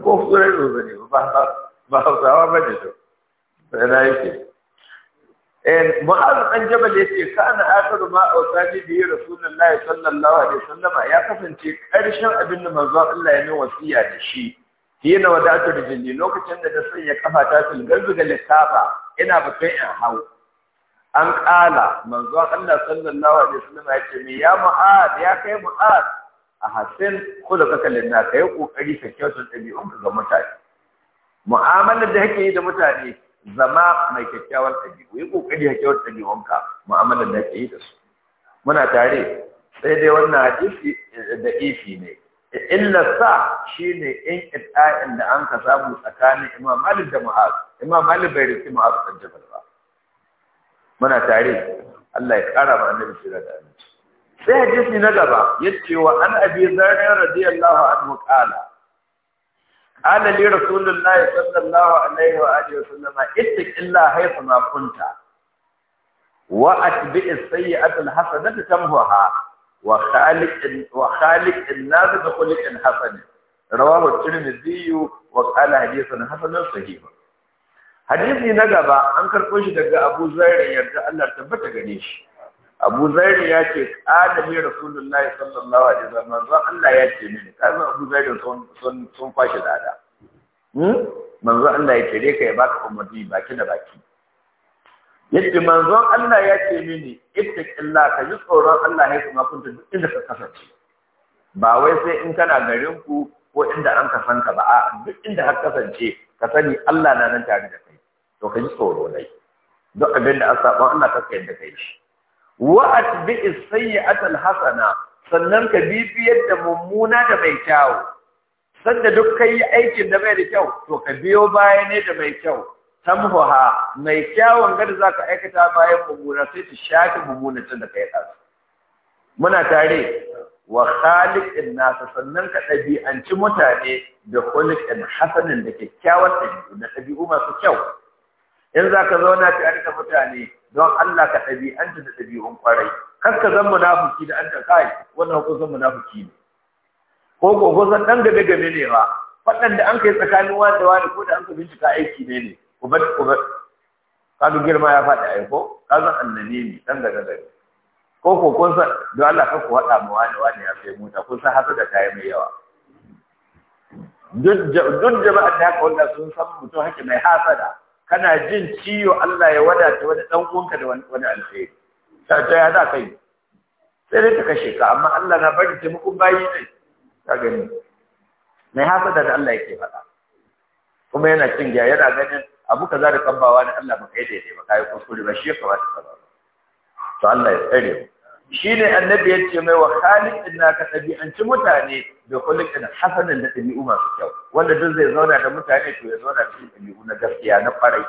ko fusurar ne ba ba ba hausawa ba ne to na yake eh, Mu'azu ɗan Jabal yace kana akhiru ma awsani bi Rasulullah sallallahu alaihi wasallama ya kasance karshen abin da manzo Allah ya min wasiya da shi fiye na wadatu da jinni lokacin da na sanya kafa ta tilgarzu ga lissafa ina bakai in hau an kala manzo Allah sallallahu alaihi wasallama yace me ya Mu'az ya kai Mu'az a hasin kula kakalin na kai kokari ka kyautar dabi'un ga mutane mu'amalar da kake yi da mutane zama mai kyakkyawar ko yi kokari kyakkyawar wanka mu'amalar da kake yi da su muna tare sai dai wannan hadisi eh, da ifi ne illa sa shine in ita'in da an ka samu tsakanin imam malik da mu'az imam malik bai rike mu'az kan jabal ba muna tare Allah ya kara ma annabi shi da aminci sai hadisi na gaba yace wa an abi zarra radiyallahu anhu qala kala li rasulullahi sallallahu alaihi wa alihi wasallama ittaq illa haythu ma kunta wa atbi' as-sayyi'ata al-hasadata tamhuha wa khaliq wa khaliq an-nas bi khuliqin hasan rawahu at-tirmidhi wa qala hadithun hasan sahih hadithi na gaba an karbo shi daga abu zairin yarda Allah tabbata gane shi abu zairi ya ce adami rasulullahi sallallahu alaihi wasallam manzon Allah ya ce mini kaza abu zairi sun sun fashi da lada hmm manzon Allah ya ce dai kai baka ummati baki da baki yace manzon Allah ya ce mini ittaqillah ka yi tsoron Allah ne kuma kunta duk inda ka kasance ba wai sai in kana garin ku ko inda an ka san ka ba a duk inda ka kasance ka sani Allah na nan tare da kai to ka yi tsoro dai duk abin da an Allah ka kai da kai shi wa sanya atal hasana sannan ka bibiyar da mummuna da mai kyau sanda duk kai aikin da bai da kyau to ka biyo baya ne da mai kyau tamhuha mai kyawun gada zaka aikata bayan mummuna sai ta shafi mummuna tun da kai tsara muna tare wa khaliqin nasa sannan ka ɗabi'anci mutane da khaliqin hasanin da kyakkyawan dabi'u da dabi'u masu kyau in zaka zauna tare da mutane don Allah ka ta da ɗabi'un ƙwarai, kar ka zan munafiki da an ta kai wannan kusan munafiki ne ko ko san dan game game ne ba faɗan da an kai tsakanin wani da wani ko da an ka bincika aiki ne ne ubat ka ga girma ya faɗi ai ko kaga annabi ne dan gabe gabe ko ko ko san don Allah ka ku haɗa mu wani wani ya sai mota kun san hasada ta yi mai yawa duk jama'a da haka wanda sun san mutum hake mai hasada kana jin ciwo Allah ya wadata wani dan uwanka da wani alheri ta ta ya za yi sai dai ta kashe ka amma Allah na bari taimakon bayi ne ka gani mai hasada da Allah yake faɗa kuma yana cin giya yana ganin abu kaza da kambawa ne Allah baka yi daidai ba kai kuskure ba shi ya kamata ka to Allah ya tsare mu shi ne annabi ya ce mai wa khaliqin naka ɗabi'anci mutane da ina hasanin da ɗabi'u masu kyau wanda duk zai zauna da mutane to ya zauna cikin ɗabi'u na gaskiya na kwarai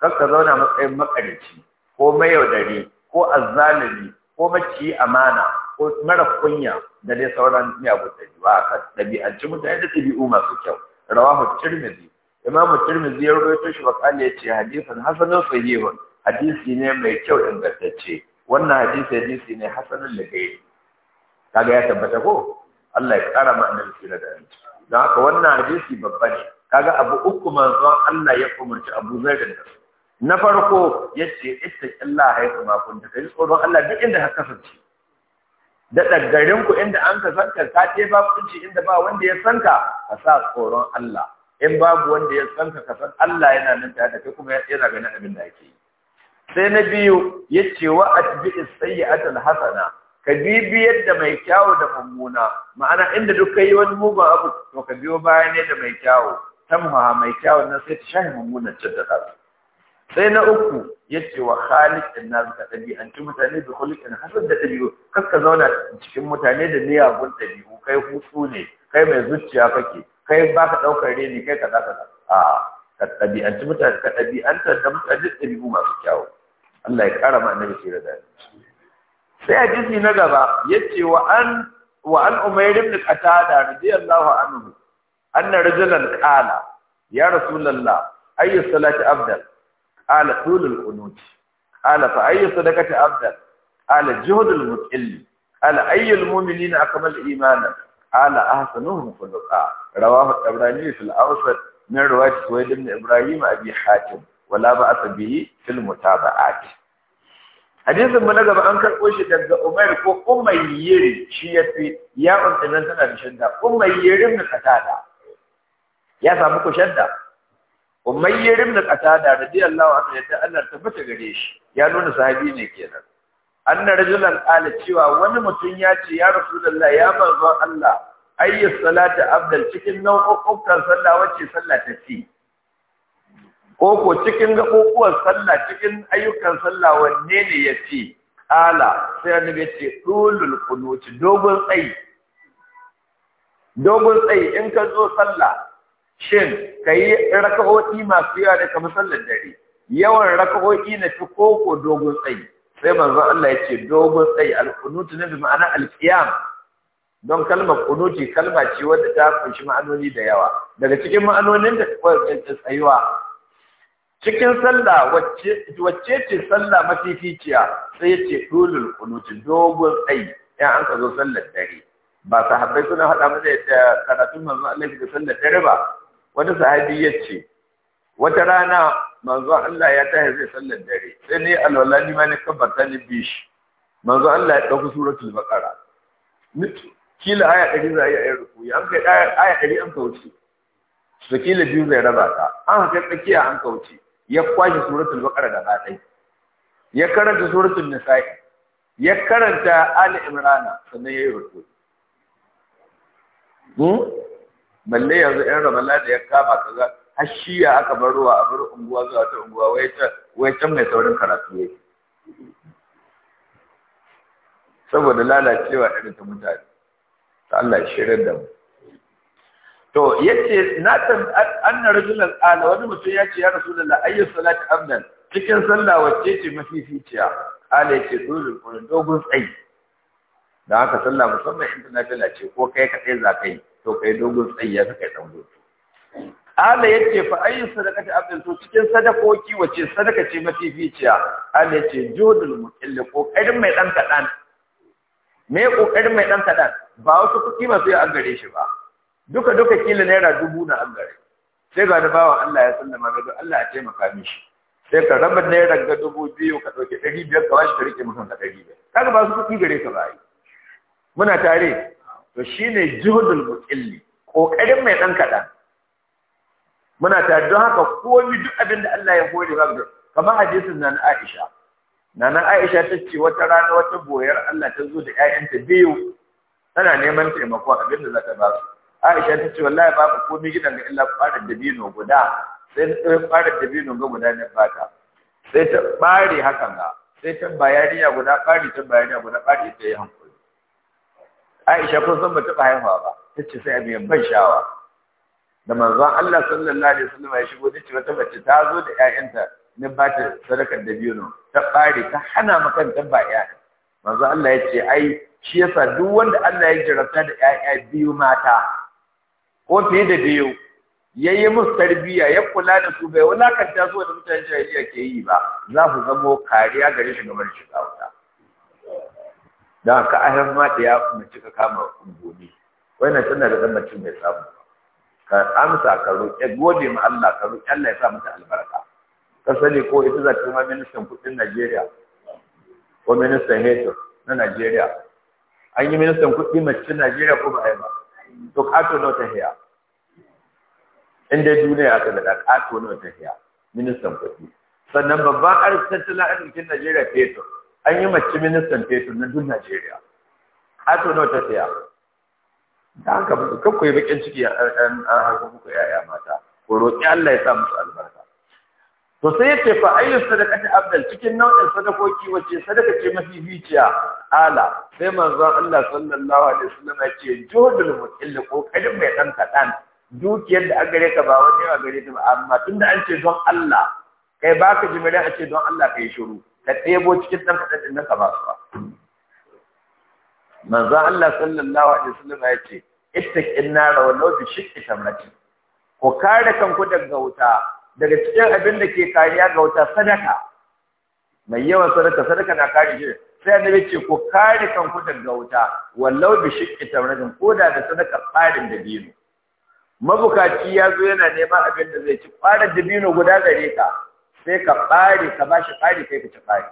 kar ka zauna matsayin makarici ko mayaudari ko azzalimi ko maciyi amana ko mara kunya da dai sauran miyagun ɗabi'u a tabi'anci mutane da ɗabi'u masu kyau rawahu tirmidhi imamu tirmidhi ya rawaito shi wa ya ce hadisan hasanun sahihun hadisi ne mai kyau ingantacce wannan hadisi hadisi ne da lagayi kaga ya tabbata ko Allah ya kara ma annabi sirra da annabi don haka wannan hadisi babba ne kaga abu uku manzon Allah ya umarci Abu Zaid da na farko yace ya haifa ma da kai tsoron Allah duk inda haka kasance da daggarin ku inda an ka sanka ka ce ba kunci inda ba wanda ya sanka ka sa tsoron Allah in babu wanda ya sanka ka san Allah yana nan tare da kai kuma yana ganin abin da yake yi sai na biyu ya ce wa atbi'is sayyi'atal hasana ka bibiyar da mai kyawu da mummuna ma'ana inda duk yi wani mugun abu to ka biyo baya ne da mai kyawu tamha mai kyawun nan sai ta shahi mummunan can da kasu sai na uku ya ce wa khaliqin ɗabi ka ci mutane da khuliqin hasan da ɗabi'u kas ka zauna cikin mutane da miyagun ɗabi'u kai hutu ne kai mai zuciya kake kai ba ka ɗaukar reni kai ka za ka ka mutane da mutane ɗabi'u masu kyawu Allah ya ƙara ma annabi shi da sai a hadisi na gaba ya ce wa an umayr ibn qatada radiyallahu anhu anna rajulan qala ya rasulullah ayyu salati afdal qala tulul qunut qala fa ayyu sadaqati afdal qala juhdul mutil qala ayyul mu'minina akmal imanan قال أحسنهم خلقا رواه الطبراني في الأوسط min رواية سويد بن Ibrahim, أبي حاتم wala ba bihi fil mutaba'at hadisin mu na gaba an karɓo shi daga Umair ko Umayyir shi ya fi ya untunan tana da shadda Umayyir ibn Qatada ya samu ku shadda Umayyir ibn Qatada radiyallahu anhu ya ta tabbata gare shi ya nuna sahabi ne kenan anna rajulan qala cewa wani mutum ya ce ya rasulullah ya manzon Allah ayyu salatu abdal cikin nau'ukan sallah wacce sallah ta ce ko cikin gaɓoɓuwan sallah cikin ayyukan sallah wanne ne ya ce ƙala sai annabi ya ce ɗulul kunuci dogon tsayi dogon tsayi in ka zo sallah shin ka yi raka'o'i masu yawa da kamar sallar dare yawan raka'o'i na fi koko dogon tsayi sai manzon Allah ya ce dogon tsayi alkunuti na bi ma'ana alkiyam don kalmar kunuti kalma ce wadda ta kunshi ma'anoni da yawa daga cikin ma'anonin da ta tsayuwa cikin sallah wacce ce sallah mafificiya sai ya ce dulul kunuti dogon tsayi ya an ka zo sallar dare ba Habbai suna haɗa mu da karatun manzo Allah da sallar dare ba wani sahabi ya ce wata rana manzo Allah ya tashi zai sallar dare sai ne alwala ni ma ne kabbata ni bishi Manzo Allah ya ɗauki suratul baqara kila aya ɗari za a yi a yi rukuyi an kai aya ɗari an kauce su kila biyu zai raba ta an kai tsakiya an kauce ya kwashe suratul baqara da ɗaya ya karanta suratul nisa'i ya karanta ali imrana sannan ya yi ruku mu hmm? balle yanzu ɗan rabala da ya kama kaza hashiya aka bar ruwa a bar unguwa zuwa ta unguwa wai ta wai can mai saurin karatu yake saboda lalacewa irin ta mutane ta Allah shirin da mu to yace na tan anna al Ala, wani mutum yace ya rasulullah ayyu salati afdal cikin sallah wacce ce mafificiya qala yace dole ko dogon tsayi da haka sallah musamman inda na fila ce ko kai ka tsaye zakai to kai dogon tsayi ya kai dan gudu Ala yace fa ayyu sadaqati Amdan to cikin sadakoki wacce sadaka ce mafificiya Ala yace jodul ko kai mai dan kadan me kokarin mai dan kadan ba wasu kuki ba sai an gare shi ba duka duka kila naira dubu na an gare sai ga bawan Allah ya sallama ga don Allah ya taimaka mishi sai ka raba naira ga dubu biyu ka dauke ɗari biyar ka bashi ka rike mutum ka ɗari biyar kaga ba su kuɗi gare ka ba yi muna tare to shine juhudul muqilli ƙoƙarin mai ɗan kaɗan muna tare don haka komai duk abin da Allah ya hore ba kamar hadisin na Aisha Nana Aisha ta ce wata rana wata boyar Allah ta zo da ‘ya'yanta biyu tana neman taimakon abin da za ta ba su. Aisha ta ce wallahi babu komai gidan ga illa farar dabino guda sai ta ɗauki farar dabino ga guda ne fata sai ta ɓare hakan ga sai ta bayariya guda ɓari ta bayariya guda ɓari ta yi hankali Aisha kun san ba taɓa haihuwa ba ta ce sai abin ban shawa. da manzon Allah sallallahu alaihi wasallam ya shigo ta ce wata mace ta zo da ƴaƴanta na ba ta sadakar dabino ta ɓare ta hana maka ta ba ya manzon Allah ya ce ai shi yasa duk wanda Allah ya jarabta da ƴaƴa biyu mata ko fiye da biyu ya yi musu tarbiyya ya kula da su bai wulakanta su wani mutane jahiliya ke yi ba za su zamo kariya gare shi gaban shiga wuta don haka yanzu ma da ya mace ka kama Wai na tana da zama cin mai samu ka amsa ka roƙe gode ma Allah ka roƙe Allah ya sa mata albarka ka sani ko ita za ta zama ministan kuɗin Najeriya ko ministan Hetur na Najeriya an yi ministan kuɗi mace Najeriya ko ba a yi ba to kato nawa ta hiya in dai duniya aka da kato nawa ta hiya ministan kudi sannan babban arzikin arzikin Najeriya fetur an yi mace ministan fetur na duk Najeriya kato nawa ta hiya da haka kakkwai bakin ciki a harkar kuka yaya mata ko roƙi Allah ya sa musu albarka to sai ya ce fa ayyu sadaqati afdal cikin nau'in sadakoki wace sadaka ce mafi biciya ala sai manzo Allah sallallahu alaihi wasallam ya ce juhudul muqill kokarin mai dan kadan dukiyar da an gare ka ba wani yawa gare ta ba amma tunda an ce don Allah kai baka jimare a ce don Allah kai shiru ka ɗebo cikin dan kadan din ka ba su ba Allah sallallahu alaihi wasallam ya ce ittaqin nar wa law bi shiqqi tamrati ko kare kanku daga wuta daga cikin abin da ke kariya ga wata sadaka mai yawan sadaka sadaka na kare shi sai annabi ce ko kare kanku daga wuta wallau bi shiqqi tamradin koda da sadaka tsarin da biyu mabukaci ya zo yana neman abin da zai ci da dabino guda gare ka sai ka ɓare ka ba shi kai ka ci ɓare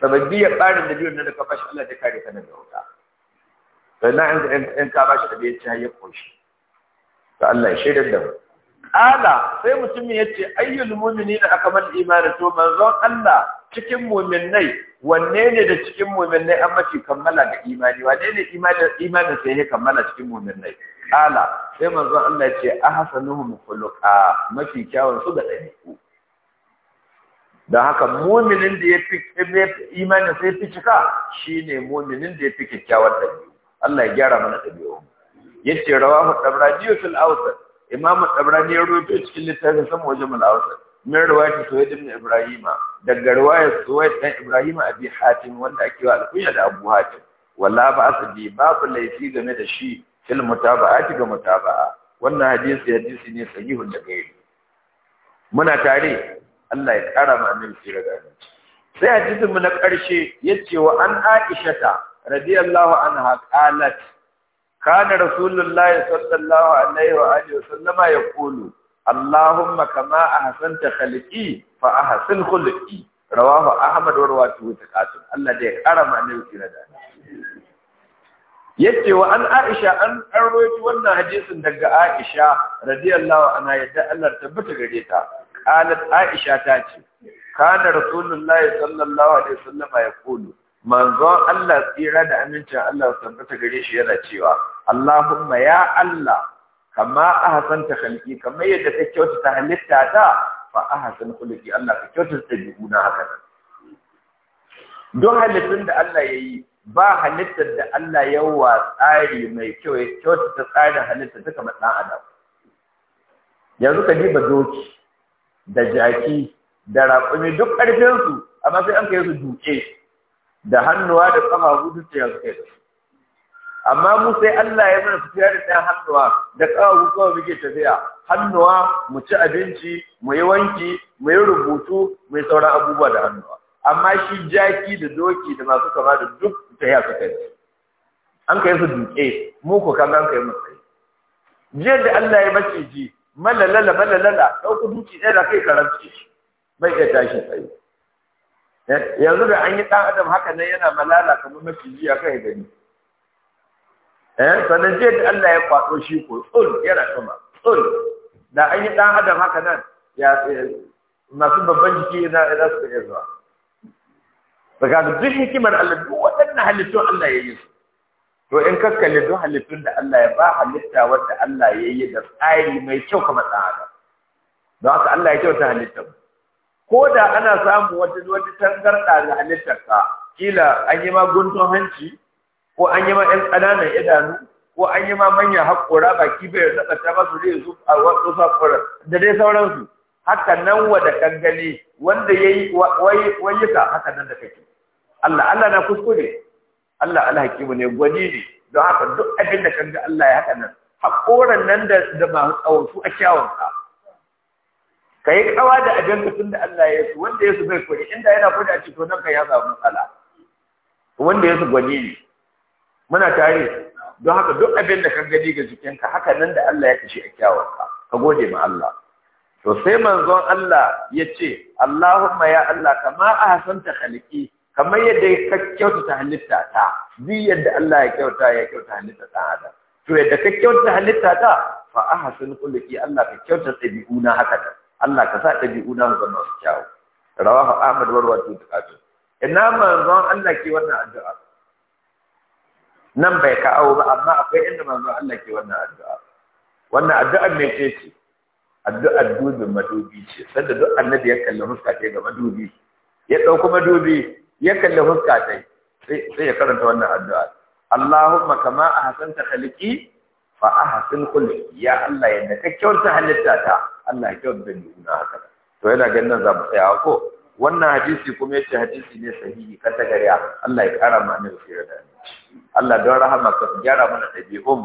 sababbi ya ɓarin dabino na da ka ba shi Allah ta kare ka daga wuta sannan in ka ba shi abin ya ci har ya Allah ya shaidar da mu ala sai mutumin ya ce ayyul mumini da aka mal imani to manzon Allah cikin muminnai. wanne ne da cikin muminnai an mace kammala ga imani wanne ne imanin sai ya kammala cikin muminnai? ala sai manzon Allah ya ce ahsanuhum khuluqa mafi kyawun su ga dabi'u dan haka muminin da ya fi imanin sai fi cika shine muminin da ya fi kyakkyawar dabi'u Allah ya gyara mana dabi'u yace rawahu tabrani awsat imamu tabrani ya rubuta cikin littafin sama wajen mulawasa mai riwayat ta ibn ibrahim daga riwayat suwai dan ibrahim abi hatim wanda ake wa alkunya da abu hatim walla ba bi babu laifi game da shi fil mutaba'ati ga mutaba'a wannan hadisi hadisi ne sahihun da gairi muna tare Allah ya kara mu amin sirra da sai hadisin mu na karshe yace wa an aisha ta radiyallahu anha qalat kana rasulullahi sallallahu alaihi wa alihi wa sallama yaqulu allahumma kama ahsanta khalqi fa ahsin khulqi rawahu ahmad wa rawatu taqatul Allah da ya karama ne kira da yace an aisha wannan hadisin daga aisha radiyallahu anha yadda Allah tabbata gare ta qalat aisha ta ce kana rasulullahi sallallahu alaihi wa sallama yaqulu manzon Allah tsira da amincin Allah tabbata gare shi yana cewa Allahumma ya Allah kama ahsanta khalqi kama yadda ta kyautata halitta ta fa ahsan khuluqi Allah ka kyautata jikuna haka don halittun da Allah ya yi, ba halittar da Allah ya wa tsari mai kyau ya kyautata tsarin halitta ta kama ɗan adam yanzu ka diba doki da jaki da raƙumi duk ƙarfinsu amma sai an kai su duke da hannuwa da ƙafafu hudu ya suke da amma mu sai Allah ya mana tafiya da ɗan hannuwa da ƙafafu kawai muke tafiya hannuwa mu ci abinci mu yi wanki mu yi rubutu mu yi sauran abubuwa da hannuwa amma shi jaki da doki da masu kama da duk yi suke kai. an kai su duke mu ko kaga an kai mu jiya da Allah ya mace ji malalala malalala ɗauku duki ɗaya da kai karanci bai iya tashi tsaye yanzu da an yi ɗan adam haka nan yana malala kamar maciji a kai gani eh sannan jiya da Allah ya kwaso shi ko tsul yana sama tsul da an yi ɗan adam haka nan ya masu babban jiki yana yana su ke zuwa daga duk hikimar Allah duk waɗannan halittun Allah ya yi su to in kakkalle duk halittun da Allah ya ba halitta wanda Allah ya yi da tsari mai kyau kamar ɗan adam don haka Allah ya kyauta halittun ko da ana samun wata wata tangarɗa da halittarka kila an yi ma guntun hanci ko an yi ma ƴan ƙananan idanu ko an yi ma manyan haƙora baki bai tsakata masu zai su a wasu haƙora da dai sauransu haka nan wa da gani wanda ya yi wayuka haka nan da kake Allah Allah na kuskure Allah Allah hakimu ne gwani ne don haka duk abin da kan ga Allah ya haka nan haƙoran nan da masu tsawo su a kyawunka ka yi kawa da da tun da Allah ya su wanda ya su bai kuri inda yana kuri a cikin nan ka ya samu matsala wanda ya su gwani ne muna tare don haka duk abin da ka gani ga jikinka haka nan da Allah ya kashe a kyawarka ka gode ma Allah to sai manzon Allah ya ce Allahumma ya Allah kama a ta khalqi kamar yadda ka kyautata halitta ta bi yadda Allah ya kyauta ya kyauta halitta ta adam to yadda ka kyautata halitta ta fa a hasan khulqi Allah ka kyautata na haka ta Allah ka sa ɗabi'u na zama su kyawu ha Ahmad warwatu tukatu ina manzon Allah ke wannan addu'a nan bai kawo ba amma akwai inda manzon Allah ke wannan addu'a wannan addu'a mai ce ce addu'a dubin madubi ce sanda duk annabi ya kalli fuska ta ga madubi ya ɗauko madubi ya kalli fuska ta sai ya karanta wannan addu'a Allahumma kama a hasanta khaliqi fa hasin kulli ya Allah yadda ka ta halitta ta Allah ya kyauta da nuna haka to yana ganin za mu tsaya ko wannan hadisi kuma yace hadisi ne sahihi kata gariya Allah ya kara mana shirya da ni Allah don rahama ka gyara mana dabi'un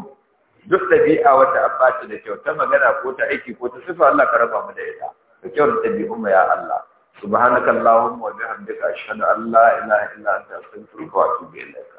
duk dabi'a wata abbaci da ta magana ko ta aiki ko ta sifa Allah ka raba mu da ita ka kyauta dabi'un ya Allah subhanakallahumma wa bihamdika ashhadu an la ilaha illa anta astaghfiruka wa atubu ilaik